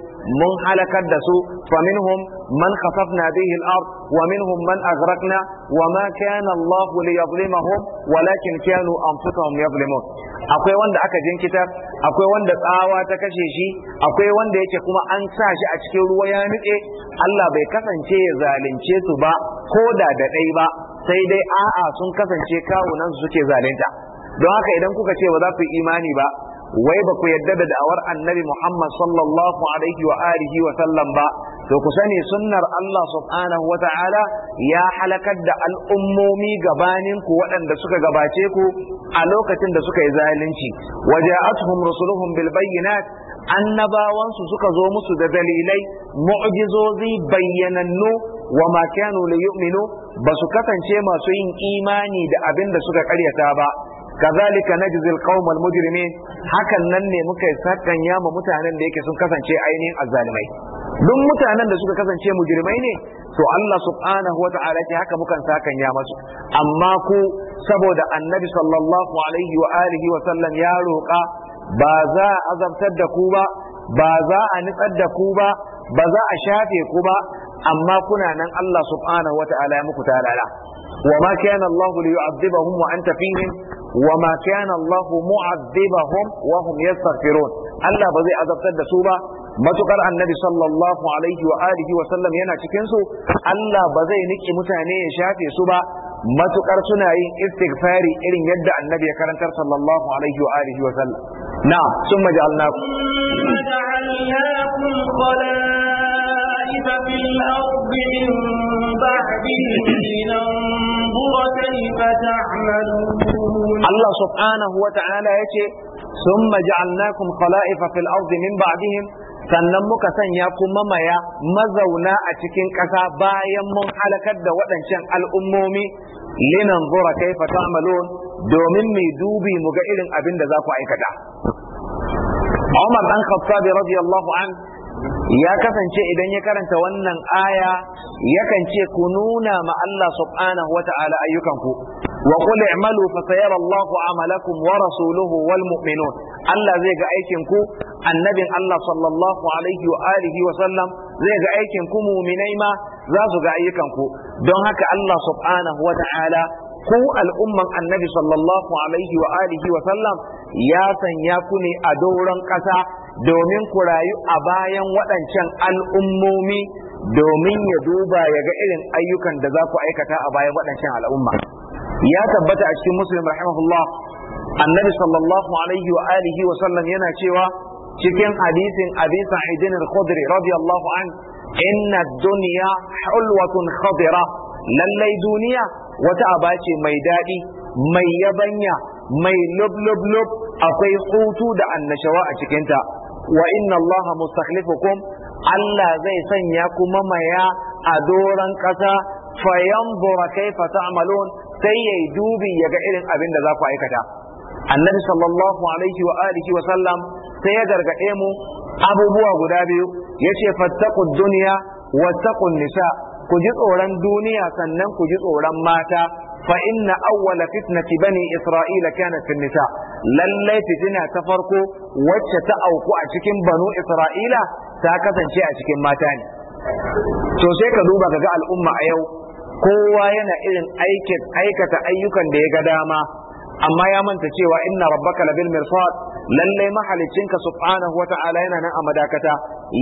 mun halakar da su fa minhum man khasafna bihi al-ard wa minhum man aghraqna wa ma kana Allah liyadhlimahum walakin kanu anfusahum yadhlimun akwai wanda aka jinkita akwai wanda tsawa ta kashe shi akwai wanda yake kuma an sa shi a cikin ruwa ya nutse Allah bai kasance ya zalunce su ba ko da da ɗai ba sai dai a'a sun kasance kawunan su suke zalunta don haka idan kuka ce ba za ku imani ba wai ba ku yadda da da'awar annabi Muhammad sallallahu alaihi wa alihi wa sallam ba to ku sani sunnar Allah subhanahu wa ta'ala ya halakar da al'ummomi gabanin ku waɗanda suka gabace ku a lokacin da suka yi zalunci waja'atuhum rusuluhum bil bayyinat annabawansu suka zo musu da dalilai mu'jizozi bayyanannu wa ma kanu yu'minu ba su kasance masu yin imani da abin da suka karyata ba na najzi alqawm almujrimin hakan nan ne muka sakan yama mutanen da yake kasance ainihin azzalimai duk mutanen da suka kasance mujrimai ne to Allah subhanahu wa ta'ala ce haka mukan sakan ya masu amma ku saboda annabi sallallahu alaihi wa wa sallam ya roƙa ba za a azabtar da ku ba ba za a nitsar da ku ba ba za a shafe ku ba amma kuna nan Allah subhanahu wa ta'ala ya muku talala wa ma kana Allah li yu'adhibahum an tafi fihim وما كان الله معذبهم وهم يستغفرون الله بزي azabtar da su ba Matuƙar annabi sallallahu alaihi wa alihi wa sallam yana cikin su Allah ba zai niki mutane ya shafe su ba matukar suna yin istighfari irin yadda annabi ya karantar sallallahu alaihi wa alihi wa sallam خسائف في الأرض من بعدهم لننظر كيف تعملون الله سبحانه وتعالى يتي ثم جعلناكم خلائف في الأرض من بعدهم sannan muka sanya kuma maya mazauna a cikin ƙasa bayan mun halakar da waɗancan al'ummomi linan zura kai ta'malun domin mai dubi mu ga irin abin da za ku aikata. Umar ɗan Khattabi radiyallahu an ya kasance idan ya karanta wannan aya yakan ce ku nuna ma Allah subhanahu wa ta'ala ayyukanku wa qul i'malu fa sayara Allahu amalakum wa rasuluhu wal mu'minun Allah zai ga aikin ku annabin Allah sallallahu alaihi wa alihi wa sallam zai ga aikin ku mu'minai ma za su ga ayyukanku don haka Allah subhanahu wa ta'ala ku al'umman annabi sallallahu alaihi wa alihi wa sallam ya sanya ku ne a doron kasa domin ku rayu a bayan waɗancan al'ummomi domin ya duba ya ga irin ayyukan da za ku aikata a bayan waɗancan al'umma ya tabbata a cikin muslim rahimahullah annabi sallallahu alaihi wa alihi wa sallam yana cewa cikin hadisin abin sa'idin al-khudri radiyallahu an inna dunya hulwatun khadira lallai duniya wata aba ce mai daɗi mai yabanya mai lub lub lub akwai hutu da annashawa a cikinta wa inna allaha mustakhlifukum Allah zai sanya kuma maya a doran ƙasa fayanzura kaifa ta'malun sai yayi dubi yaga irin abin da za ku aikata annabi sallallahu alaihi wa alihi wa sallam sai ya gargaɗe mu abubuwa guda biyu yace fattaqud dunya wattaqun nisa ku ji tsoron duniya sannan ku ji tsoron mata fa inna awwala fitnati bani isra'ila kanat fi lallai fitina ta farko wacce ta auku a cikin banu isra'ila ta kasance a cikin mata ne to sai ka duba ga al'umma a yau kowa yana irin aikin aikata ayyukan da ya ga dama amma ya manta cewa inna rabbaka labil mirsad lallai mahalicinka subhanahu wata'ala yana nan a madakata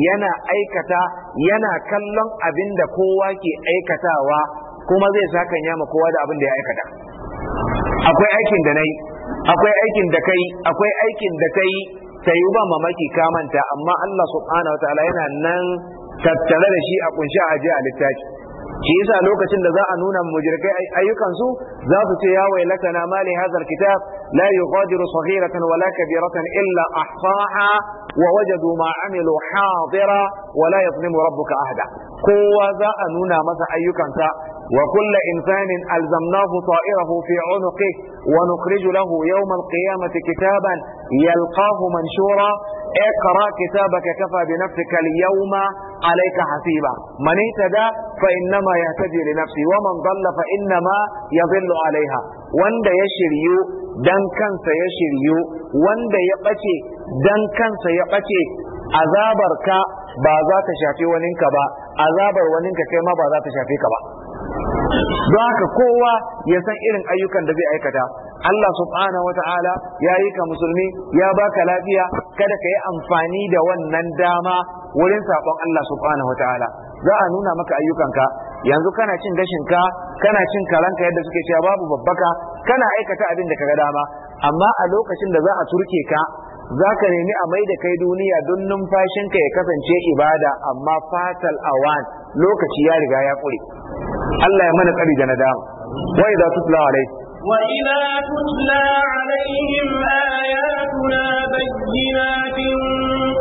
yana aikata yana kallon abin da kowa ke aikatawa kuma zai sa sakan yama kowa da abin da ya aikata akwai aikin da nayi akwai aikin da kai akwai aikin da kai sai ba mamaki ka manta amma Allah subhanahu wataala yana nan tattare da shi a kunshi a a littafi shi yasa lokacin da za a nuna mujirkai ayyukan su za su ce ya wailaka na mali hadhal kitab la yughadiru saghiratan wala kabiratan illa ahsaha wa wajadu ma amilu hadira wa la yadhlimu rabbuka ahada kowa za a nuna masa ayyukansa وكل إنسان ألزمناه طائره في عنقه ونخرج له يوم القيامة كتابا يلقاه منشورا اقرأ كتابك كفى بنفسك اليوم عليك حسيبا من اهتدى فإنما يهتدي لنفسه ومن ضل فإنما يضل عليها وان يشري shiryu كان سيشري ya يقتي wanda كان سيقتي عذابك بازات شافي ɓace azabarka ba za ta shafi waninka don haka kowa ya san irin ayyukan da zai aikata Allah subhanahu wata'ala ya yi ka musulmi ya ba ka lafiya kada ka yi amfani da wannan dama wurin saƙon Allah subhanahu wata'ala za a nuna maka ayyukanka yanzu kana cin gashinka kana cin karanka yadda suke cewa babu babbaka kana aikata abin da kaga dama amma a lokacin da za a turke ka za ka nemi a mai da kai duniya don numfashinka ya kasance ibada amma fatal awan lokaci ya riga ya kure Allah ya mana tsari da nadama wa idza tutla alai wa idza tutla alaihim ayatuna bayyinatin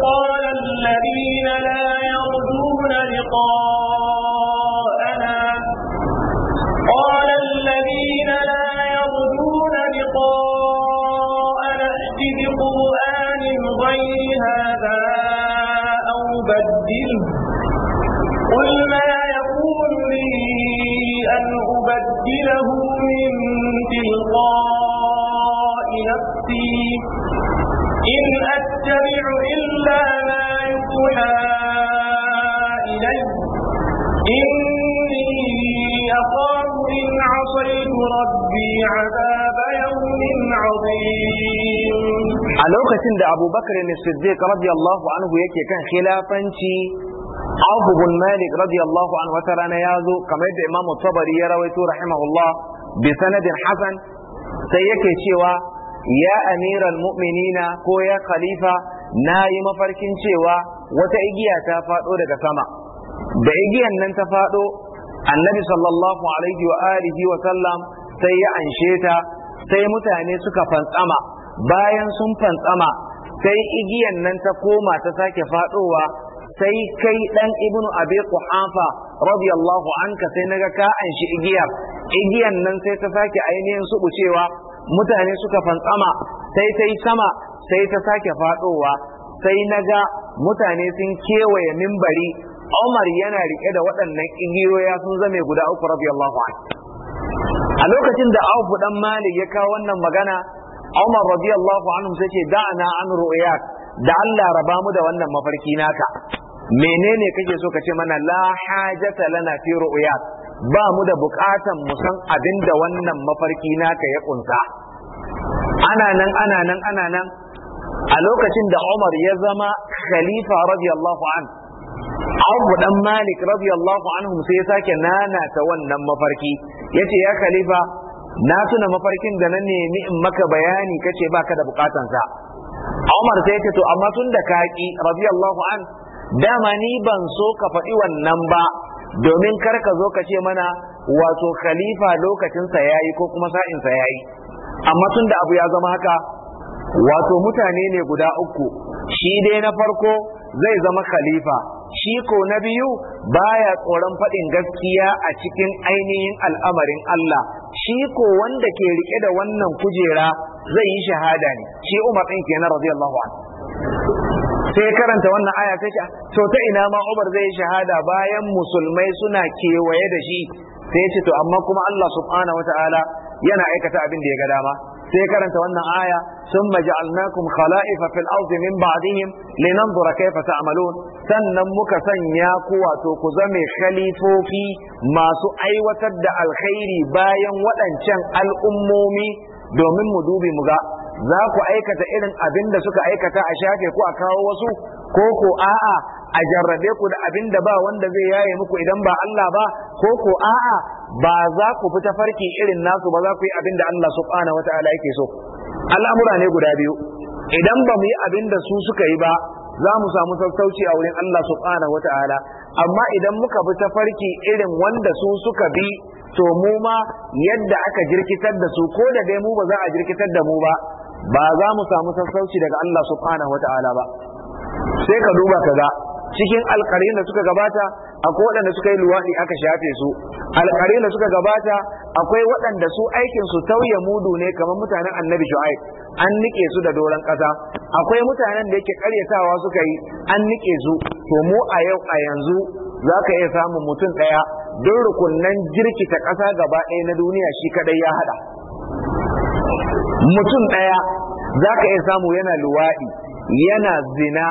qala alladhina la yarjuna liqa'ana qala alladhina la yarjuna liqa'ana ihdi bi qur'anin ghayri hadha aw badilhu قل ما أبدله من تلقاء نفسي إن أتبع إلا ما يوحى إلي إني أخاف إن عصيت ربي عذاب يوم عظيم a lokacin da abubakar ne siddiq radiyallahu anhu yake kan khilafanci Auf bin Malik radiyallahu anhu wata rana ya zo kamar yadda Imam Tabari ya rawaito rahimahullah bi sanadin hasan sai yake cewa ya amiral mu'minina ko ya khalifa na yi mafarkin cewa wata igiya ta faɗo daga sama da igiyan nan ta faɗo annabi sallallahu alaihi wa alihi wa sallam sai ya anshe ta sai mutane suka fantsama bayan sun fantsama sai igiyan nan ta koma ta sake faɗowa sai kai dan ibnu abi quhafa radiyallahu anka sai naga ka an shi igiyar igiyan nan sai ta sake ainihin su bucewa mutane suka fantsama sai ta yi sama sai ta sake fadowa sai naga mutane sun kewaye mimbari Umar yana rike da waɗannan igiyoya sun zame guda uku radiyallahu anhu a lokacin da Abu dan Malik ya kawo wannan magana Umar radiyallahu anhu sai ce da'ana an ru'yak da Allah raba mu da wannan mafarki naka menene kake so ka ce mana la hajata lana fi ru'ya ba mu da bukatan mu san abin da wannan mafarki naka ya kunsa ana nan ana nan ana nan a lokacin da Umar ya zama khalifa radiyallahu an Abu dan Malik radiyallahu anhu sai ya sake nana ta wannan mafarki yace ya khalifa na tuna mafarkin da na nemi in maka bayani kace baka da sa Umar sai ce to amma tun da ka ki radiyallahu an dama ni ban so ka faɗi wannan ba domin kar ka zo ka ce mana wato khalifa lokacinsa yayi ko kuma sa'insa yayi amma tun da abu ya zama haka wato mutane ne guda uku shi dai na farko zai zama khalifa shi ko na biyu baya tsoron faɗin gaskiya a cikin ainihin al'amarin Allah shi ko wanda ke rike da wannan kujera zai yi shahada ne shi Umar din kenan radiyallahu sai karanta wannan aya sai to ta ina ma Umar zai yi shahada bayan musulmai suna kewaye da shi sai ce to amma kuma Allah subhanahu wataala yana aikata abin da ya ga dama sai karanta wannan aya summa ja'alnakum khala'ifa fil ardi min ba'dihim linanzura kayfa ta'malun sannan muka sanya ku wato ku zame khalifofi masu aiwatar da alkhairi bayan waɗancan al'ummomi domin mu dubi mu ga za ku aikata irin abin da suka aikata a shafe ku a kawo wasu ko ko a'a a jarrabe ku da abin da ba wanda zai yaye muku idan ba Allah ba ko ko a'a ba za ku fita farki irin nasu ba za ku yi abin da Allah subhanahu wataala yake so al'amura ne guda biyu idan ba mu yi abin da su suka yi ba za mu samu sassauci a wurin Allah subhanahu wataala amma idan muka bi tafarki irin wanda su suka bi to mu ma yadda aka jirkitar da su ko da dai mu ba za a jirkitar da mu ba ba za mu samu sassauci daga Allah subhanahu wataala ba sai ka duba ka ga cikin alƙarin da suka gabata akwai waɗanda suka yi luwaɗi aka shafe su alƙarin da suka gabata akwai waɗanda su aikin su tauye mudu ne kamar mutanen annabi shu'aib an nike su da doron ƙasa akwai mutanen da yake ƙaryatawa suka yi an nike su to mu a yau a yanzu za ka iya samun mutum ɗaya don rukunnan jirkita ƙasa gaba ɗaya na duniya shi kaɗai ya haɗa mutum ɗaya za ka iya samu yana luwaɗi yana zina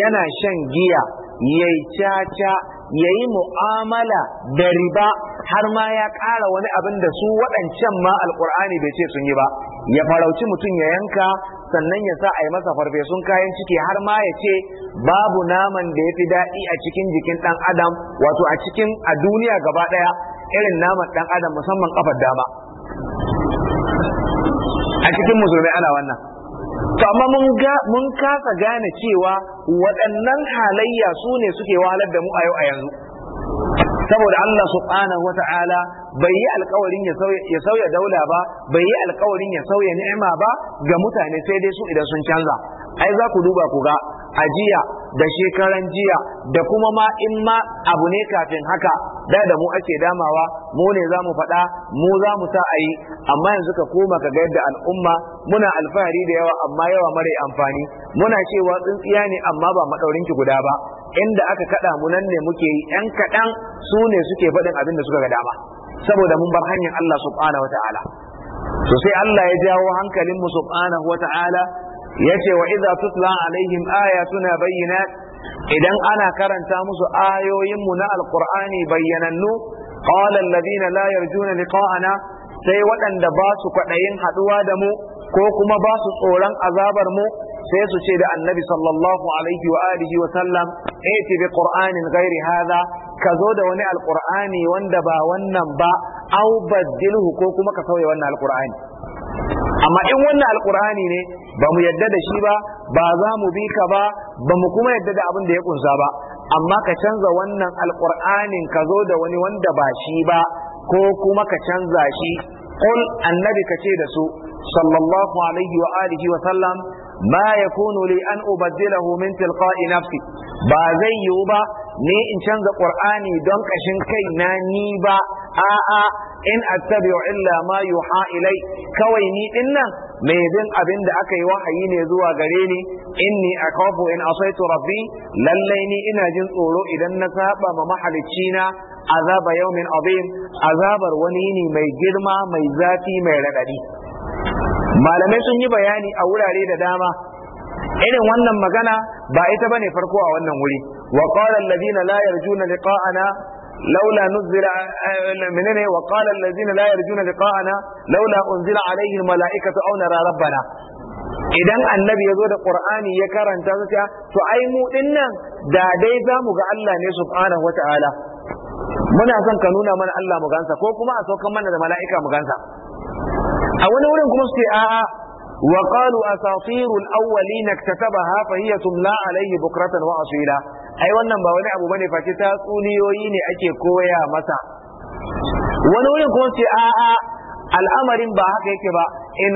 yana shan giya yayi caca ya yi mu'amala da riba har ma ya ƙara wani abin da su waɗancan ma alƙur'ani bai ce sun yi ba ya farauci mutum ya yanka sannan ya sa a yi masa farfesun kayan ciki har ma ya ce babu naman da ya fi daɗi a cikin jikin ɗan adam wato a cikin a duniya gaba ɗaya irin naman ɗan adam musamman ƙafar dama a cikin musulmai ana wannan to amma mun kasa gane cewa waɗannan halayya su ne suke wahalar da mu a yau a yanzu saboda Allah subhanahu wata'ala bai yi alkawarin ya sauya daula ba bai yi alkawarin ya sauya ni'ima ba ga mutane sai dai su idan sun canza ai za ku duba ku ga ajiya da shekaran jiya da kuma ma in ma abu ne kafin haka da da mu ake damawa mu ne za mu faɗa mu za mu sa ayi, amma yanzu ka koma ka ga yadda al'umma muna alfahari da yawa amma yawa mara amfani muna cewa tsintsiya ne amma ba ki guda ba inda aka kaɗa mu nan ne muke yi ‘yan kaɗan su ne suke faɗin abin da suka ga dama saboda mun bar hanyar Allah subhanahu wa ta'ala to sai Allah ya jawo hankalin mu subhanahu wa ta'ala yace wa idza tutla alaihim ayatuna bayyinat idan ana karanta musu ayoyin mu na alqur'ani bayyanannu qala alladhina la yarjuna liqa'ana sai waɗanda ba su kwaɗayin haɗuwa da mu ko kuma ba su tsoron azabar mu sai su ce da annabi sallallahu alaihi wa alihi wa sallam eti bi qur'anin ghairi hadha ka zo da wani alqur'ani wanda ba wannan ba au badilhu ko kuma ka sauya wannan alqur'ani amma in wannan alkur'ani ne ba mu yadda da shi ba ba za mu bi ka ba ba mu kuma yadda da abin da ya kunsa ba amma ka canza wannan alkur'anin ka zo da wani wanda ba shi ba ko kuma ka canza shi qul annabi ka ce da su sallallahu alaihi wa alihi wa sallam ma yakunu li an ubaddilahu min tilqa'i nafsi ba zai yiwu ba Ni in canza ƙur'ani don ƙashin kai na ni ba a'a in attabi'u illa ma yuha ilai kawai ni dinnan mai bin abin da aka yi wahayi ne zuwa gare ni inni akhafu in asaitu rabbi lallai ni ina jin tsoro idan na saɓa ma mahalicci na azaba yawmin azim azabar wani ne mai girma mai zafi mai radadi malamai sun yi bayani a wurare da dama irin wannan magana ba ita bane farko a wannan wuri wa qala alladhina la yarjuna liqa'ana nuzila نزل eh, wa qala الذين la yarjuna liqa'ana laula unzila alayhi aw nara rabbana idan annabi ya zo da qur'ani ya karanta su to ai mu dinnan da dai zamu ga Allah ne subhanahu wataala muna son ka nuna mana Allah mu gansa ko kuma a saukan mana da mala'ika mu gansa a wani wurin kuma suke a'a wa qalu asatirul awwalin iktatabaha fa hiya tumla alayhi bukratan wa asila ai wannan ba wani abu bane face ta tsuniyoyi ne ake koya masa wani wurin kuma suke a'a al'amarin ba haka yake ba in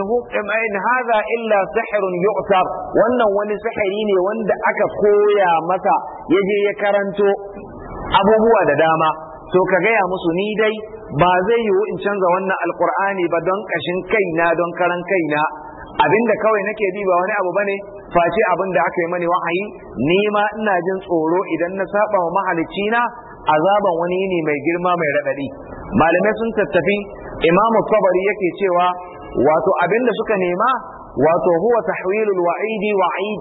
in hadha illa sihrun yu'tar wannan wani sihiri ne wanda aka koya masa yaje ya karanto abubuwa da dama to ka gaya musu ni dai ba zai yiwu in canza wannan alkur'ani ba don kashin kaina don karan kaina abinda kawai nake bi ba wani abu bane face abin da aka yi mani wahayi ni ma ina jin tsoro idan na saba wa mahalicci na azaban wani ne mai girma mai radadi malamai sun tattafi imamu tabari yake cewa wato abin da suka nema wato huwa tahwilul wa'idi wa'id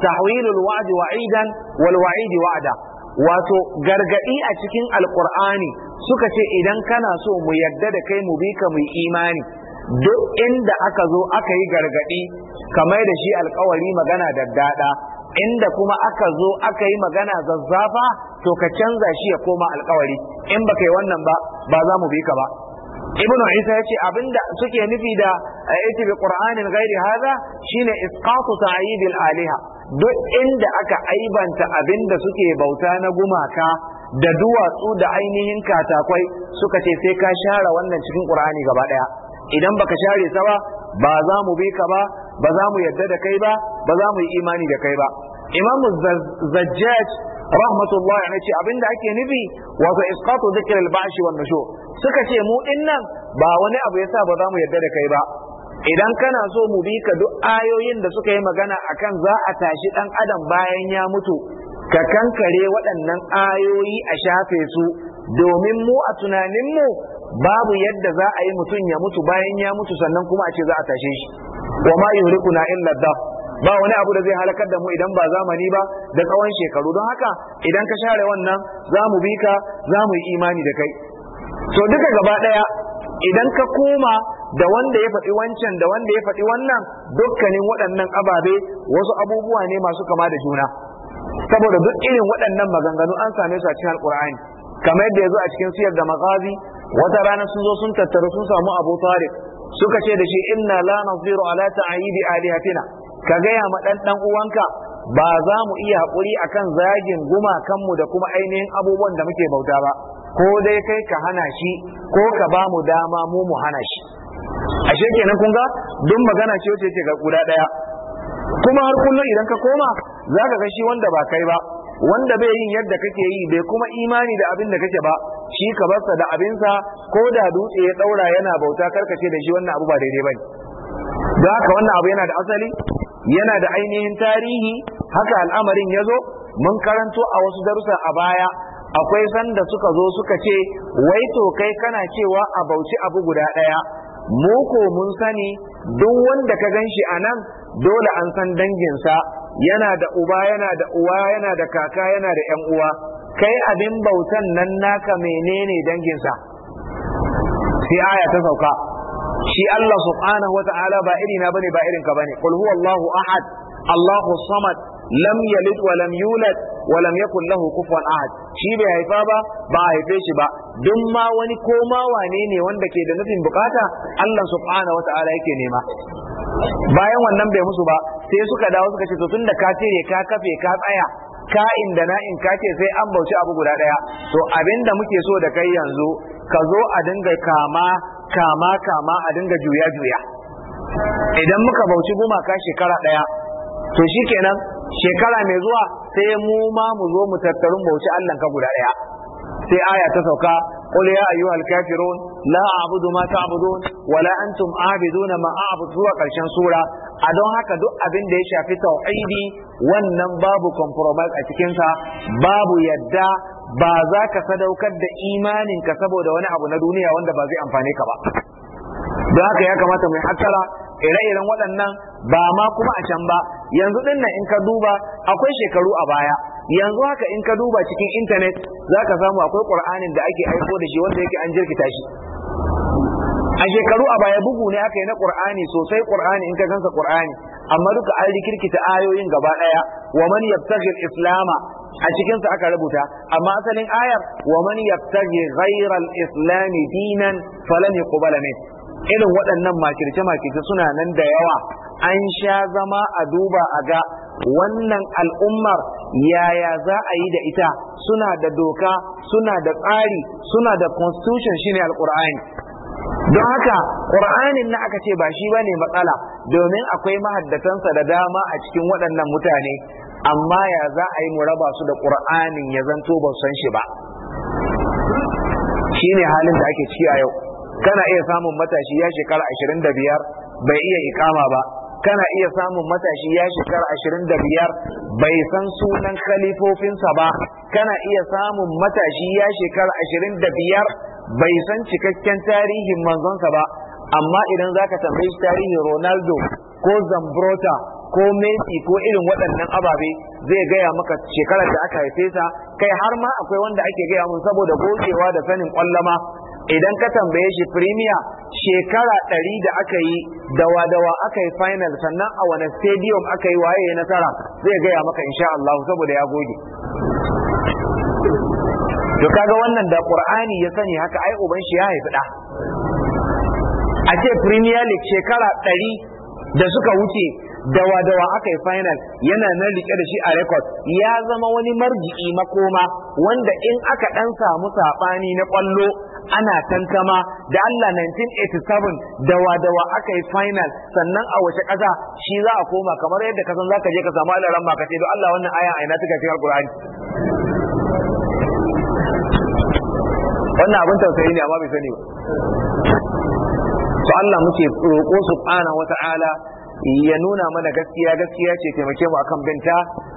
tahwilul wa'di wa'idan wal wa'idi wa'da wato gargadi a cikin alkur'ani suka ce idan kana so mu yarda da kai mu bi ka mu imani duk inda aka zo aka yi gargadi kamar da shi alkawari magana da daddada inda kuma aka zo aka yi magana zazzafa to ka canza shi ya koma alkawari in baka yi wannan ba ba za mu bi ka ba ibnu isa ya yace abinda suke nufi da ayati eh, bi qur'anin ghairi haza shine isqatu ta'yid al-aliha duk inda aka aibanta abinda suke bauta na gumaka da duwatsu da ainihin katakwai suka ce sai ka share wannan cikin qur'ani gaba daya idan baka share sa ba ba za mu bi ka ba ba za mu yarda da kai ba ba za mu yi imani da kai ba imamu zajjaj rahmatullahi ya ce abinda ake nufi wato isqatu dhikr al-ba'sh wan nushur suka ce mu dinnan ba wani abu yasa ba za mu yarda da kai ba idan kana so mu bi ka duk ayoyin da suka yi magana akan za a tashi dan adam bayan ya mutu ka kankare waɗannan ayoyi a shafe su domin mu a tunanin mu babu yadda za a yi mutum ya mutu bayan ya mutu sannan kuma a ce za a tashe shi wa ma yurikuna illa dhab ba wani abu da zai halakar da mu idan ba zamani ba da tsawon shekaru don haka idan ka share wannan za mu bi ka za mu yi imani da kai to duka gaba ɗaya idan ka koma da wanda ya faɗi wancan da wanda ya faɗi wannan dukkanin waɗannan ababe wasu abubuwa ne masu kama da juna saboda duk irin waɗannan maganganu an same su a cikin Alƙur'ani. kamar yadda ya zo a cikin siyar da maƙazi wata rana sun zo sun tattaru sun samu abu tare suka ce da shi inna la nasiru ala ta'idi alihatina ka gaya ma ɗan dan uwanka ba za mu iya haƙuri akan zagin gumakanmu da kuma ainihin abubuwan da muke bauta ba ko dai kai ka hana shi ko ka ba mu dama mu mu hana shi ashe kenan kun ga don magana ce wace ce ga guda daya kuma har kullum idan ka koma za ka ga shi wanda ba kai ba wanda bai yin yadda kake yi bai kuma imani da abin da kake ba shi ka barsa da abinsa ko da dutse ya daura yana bauta karkace da shi wannan abu ba daidai bane da haka wannan abu yana da asali yana da ainihin tarihi haka al'amarin ya zo mun karanto a wasu darussa a baya akwai sanda suka zo suka ce wai to kai kana cewa a bauci abu guda ɗaya mu mun sani duk wanda ka gan shi a dole an san danginsa yana da uba yana da uwa yana da kaka yana da yan uwa kai abin bautan nan naka menene danginsa sai aya ta sauka shi Allah subhanahu Ta'ala ba irina bane ba irin ka bane qul huwallahu ahad Allahu samad lam yalid wa lam yulad wa lam yakul lahu kufuwan ahad shi bai haifa ba ba a haife shi ba duk ma wani ko ma wane ne wanda ke da nufin bukata Allah subhanahu wata'ala yake nema bayan wannan bai musu ba sai suka dawo suka ce to tunda ka tire ka kafe ka tsaya ka ka'in da in kake sai an bauci abu guda daya to abinda muke so da kai yanzu ka zo a dinga kama kama kama a dinga juya juya idan muka bauci gumaka shekara daya to shikenan shekara mai zuwa sai mu ma mu zo mu mu bauci Allah ka guda daya sai aya ta sauka qul ya ayyuhal kafirun la a'budu ma ta'budun wa la antum a'biduna ma a'budu wa karshen sura a don haka duk abin da ya shafi tauhidi wannan babu compromise a cikinsa babu yadda ba za ka sadaukar da imanin ka saboda wani abu na duniya wanda ba zai amfane ka ba don haka ya kamata mu hattara ire-iren waɗannan ba ma kuma a can ba yanzu din nan in ka duba akwai shekaru a baya yanzu haka in ka duba cikin intanet za ka samu akwai ƙur'anin da ake aiko da shi wanda yake an jirkita shi a shekaru a baya bugu ne aka yi na ƙur'ani sosai ƙur'ani in ka gansa ƙur'ani amma duka an rikirkita ayoyin gaba ɗaya wa man yabtaghi islama a cikin sa aka rubuta amma asalin ayar wa man yabtaghi ghayra al-islam dinan falan yuqbala min irin waɗannan makirce-makirce suna nan da yawa an sha zama a duba a ga wannan al'ummar yaya za a yi da ita suna da doka suna da tsari suna da constitution shine alkur'ani don haka ƙur'anin na aka ce ba shi ba ne matsala domin akwai mahaddatansa da dama a cikin waɗannan mutane amma ya za a yi mu raba su da ƙur'anin ya zanto ba san shi ba Shi ne halin da ake ciki a yau kana iya samun matashi ya shekara ashirin da biyar bai iya ikama ba kana iya samun matashi ya shekara ashirin da biyar bai san sunan kalifofinsa ba kana iya samun matashi ya shekara ashirin da biyar bai san cikakken tarihin manzonsa ba amma idan za ka tambayi tarihin ronaldo ko zambrota ko messi ko irin waɗannan ababe zai gaya maka shekarar da aka haife sa kai har ma akwai wanda ake gaya mun saboda gogewa da sanin kwallama idan ka tambaye shi premier shekara ɗari da aka yi dawa-dawa aka yi final sannan a wani stadium aka yi waye nasara zai gaya maka insha Allah saboda ya goge to kaga wannan da qur'ani ya sani haka ai uban shi ya haifi da a ce premier league shekara ɗari da suka wuce dawa-dawa aka yi final yana na rike da shi a record ya zama wani marji'i makoma wanda in aka ɗan samu saɓani na ƙwallo ana tantama da Allah 1987 dawa dawa aka yi final sannan a wace ƙasa shi za a koma kamar yadda ka san ka je ka samu alaran ma ka ce Allah wannan aya aina take cikin alkur'ani wannan abin tausayi ne amma bai sani ba to Allah muke roƙo subhanahu wata'ala ya nuna mana gaskiya gaskiya ce taimake mu akan binta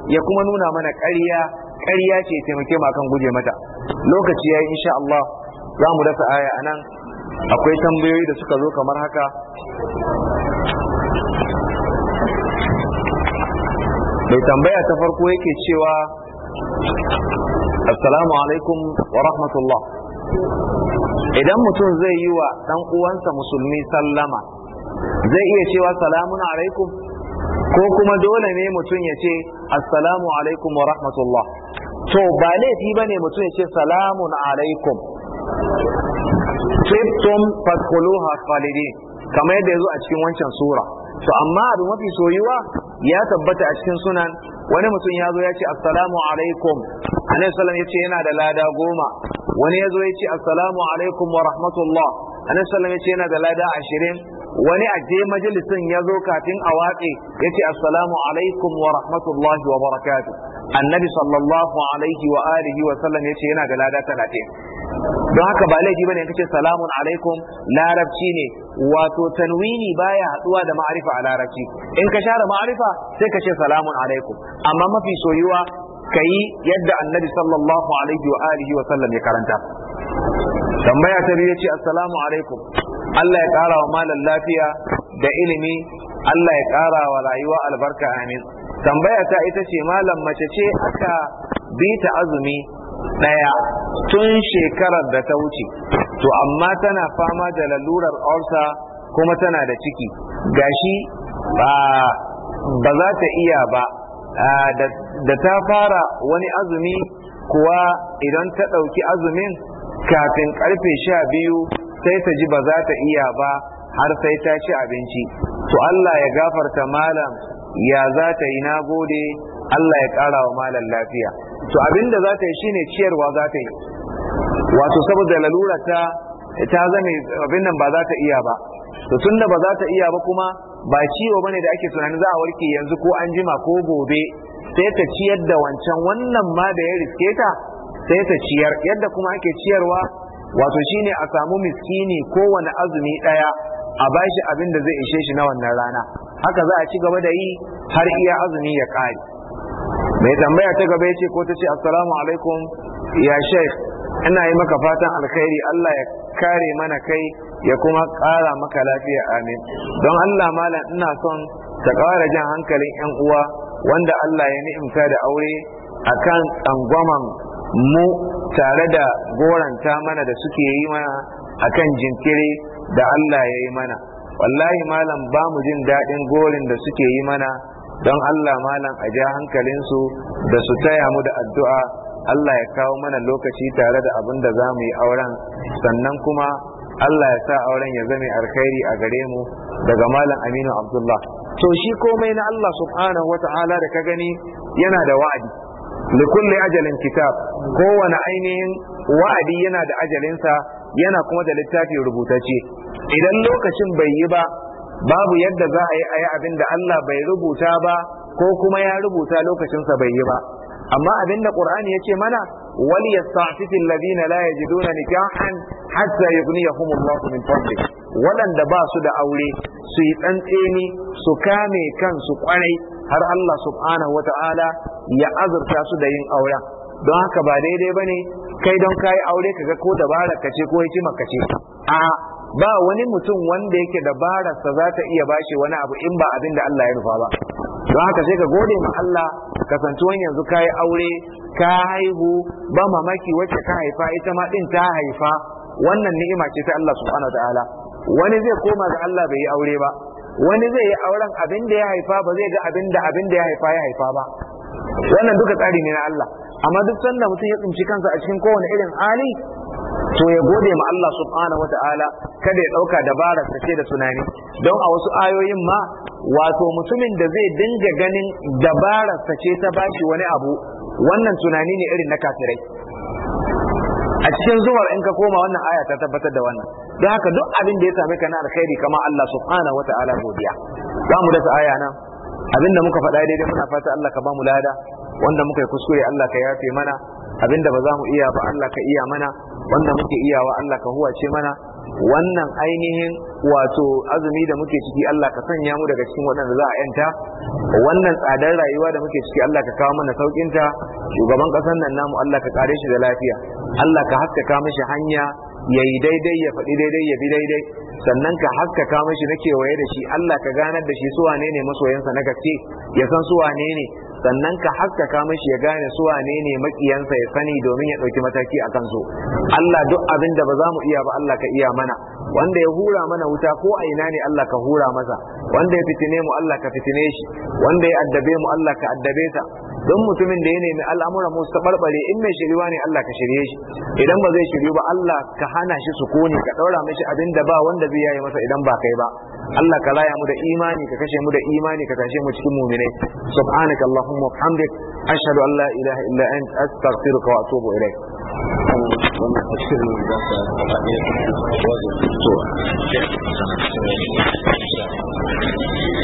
ya kuma nuna mana ƙarya ƙarya ce taimake mu akan guje mata lokaci yayi insha Allah za mu dasa aya a nan akwai tambayoyi da suka zo kamar haka mai tambaya ta farko yake cewa assalamu alaikum wa rahmatullah idan mutum zai yi wa ɗan uwansa musulmi sallama zai iya cewa salamun alaikum ko kuma dole ne mutum ya ce assalamu alaikum wa rahmatullah to ba laifi ba ne mutum ya ce salamun alaikum tibtum fadkhuluha khalidin kamar yadda yazo a cikin wancan sura to amma abu mafi soyuwa ya tabbata a cikin sunan wani mutum ya zo ya ce assalamu alaikum annabi sallallahu ya ce yana da lada goma wani ya zo ya ce assalamu alaikum wa rahmatullah annabi sallallahu ya ce yana da lada ashirin wani a je majalisin ya zo kafin a wace ya ce assalamu alaikum wa rahmatullahi wa barakatuh annabi sallallahu alaihi wa alihi wa sallam yace yana da lada 30 don haka ba laifi bane kace salamun alaikum larabci ne wato tanwini baya haduwa da ma'arifa a larabci in ka share ma'arifa sai ka ce salamun alaikum amma mafi soyuwa kayi yadda annabi sallallahu alaihi wa alihi wa sallam ya karanta tambaya ta biyu ce assalamu alaikum Allah ya kara wa malam lafiya da ilimi Allah ya kara wa rayuwa albarka amin tambaya ta ita ce malam mace ce aka bi ta azumi daya tun shekarar da ta wuce to amma tana fama da lalurar ulcer kuma tana da ciki gashi ba za ta iya ba da ta fara wani azumi kuwa idan ta ɗauki azumin kafin karfe sha biyu sai ta ji ba za ta iya ba har sai ta ci abinci to Allah ya gafarta malam ya za ta yi na gode Allah ya ƙara wa malam lafiya to abin da za ta yi shi ne ciyarwa za ta yi wato saboda lalura ta ta zame abin nan ba za ta iya ba to tun da ba za ta iya ba kuma ba ciwo bane da ake tunanin za a warke yanzu ko an jima ko gobe sai ta ciyar da wancan wannan ma da ya riske ta sai ta ciyar yadda kuma ake ciyarwa wato shine a samu miskini kowane azumi ɗaya a bashi abin da zai ishe shi na wannan rana haka za a ci gaba da yi har iya azumi ya kare mai tambaya ta gaba ce ko ta ce assalamu alaikum ya sheikh ina yi maka fatan alkhairi Allah ya kare mana kai ya kuma kara maka lafiya amin don Allah malam ina son ta kara jan hankalin yan uwa wanda Allah ya ni'imta da aure akan tsangwaman mu tare da goranta mana da suke yi mana akan jinkiri da Allah ya yi mana wallahi malam ba mu jin daɗin gorin da suke yi mana don Allah malam a ja hankalinsu da su taya mu da addu'a Allah ya kawo mana lokaci tare da abin da za mu yi auren sannan kuma Allah ya sa auren ya zame alkhairi a gare mu daga malam Aminu Abdullah to shi komai na Allah subhanahu wata'ala da ka gani yana da wa'adi likulli ajalin kitab kowane ainihin wa'adi yana da ajalinsa yana kuma da littafi rubutacce idan lokacin bai yi ba babu yadda za a yi a yi abin da Allah bai rubuta ba ko kuma ya rubuta lokacinsa bai yi ba amma abin da Qur'ani yake mana wal yasta'fifu alladhina la yajiduna nikahan hatta yughniyahum Allah min fadli waɗanda ba su da aure su yi tsantseni su kame kansu kwarai har Allah subhanahu wata'ala ya azurta su da yin aure don haka ba daidai bane kai don kayi aure ka ga ko dabara kace ko yace maka kace a ba wani mutum wanda yake dabarar sa za ta iya bashi wani abu in ba abin da Allah ya rufa ba don haka sai ka gode ma Allah kasantuwan yanzu kayi aure ka haihu ba mamaki wacce ka haifa ita ma din ta haifa wannan ni'ima ce ta Allah subhanahu ta'ala wani zai koma ga Allah bai yi aure ba wani zai yi auren abin da ya haifa ba zai ga abin da abin da ya haifa ya haifa ba wannan duka tsari ne na Allah amma duk sanda mutum ya tsinci kansa a cikin kowane irin hali to ya gode ma Allah subhanahu Ta'ala, kada ya dauka dabara ta da tunani don a wasu ayoyin ma wato mutumin da zai dinga ganin dabara ta ce ta bashi wani abu wannan tunani ne irin na kafirai a cikin zuwar in ka koma wannan aya ta tabbatar da wannan don haka duk abin da ya same ka na alkhairi kama Allah subhanahu Ta'ala godiya za mu dasa aya nan abin da muka faɗa daidai muna fata Allah ka ba mu lada wanda muka yi kuskure Allah ka yafe mana abinda ba za mu iya ba Allah ka iya mana wanda muke iyawa Allah ka huwace mana wannan ainihin wato azumi da muke ciki Allah ka sanya mu daga cikin waɗanda za a yanta wannan tsadar rayuwa da muke ciki Allah ka kawo mana saukin ta shugaban ƙasar nan namu Allah ka kare shi da lafiya Allah ka haskaka mishi hanya ya yi daidai ya faɗi daidai ya bi daidai sannan ka haskaka mishi na kewaye da shi Allah ka ganar da shi su ne ne masoyansa na gaske ya san su ne sannan ka haskaka mashi ya gane su wane ne makiyansa ya sani domin ya ɗauki mataki a kansu Allah duk abin da ba za mu iya ba Allah ka iya mana wanda ya hura mana wuta ko a ina ne Allah ka hura masa wanda ya fitine mu Allah ka fitine shi wanda ya addabe mu Allah ka addabe sa don mutumin da ya nemi al'amura mu musu barbare in mai shiriwa ne Allah ka shirye shi idan ba zai shiryu ba Allah ka hana shi sukuni ka daura mishi abin da ba wanda zai yayi masa idan ba kai ba Allah ka raya mu da imani ka kashe mu da imani ka kashe mu cikin mu'minai subhanaka allahumma wa hamdik ashhadu an la ilaha illa ant astaghfiruka wa atubu ilaik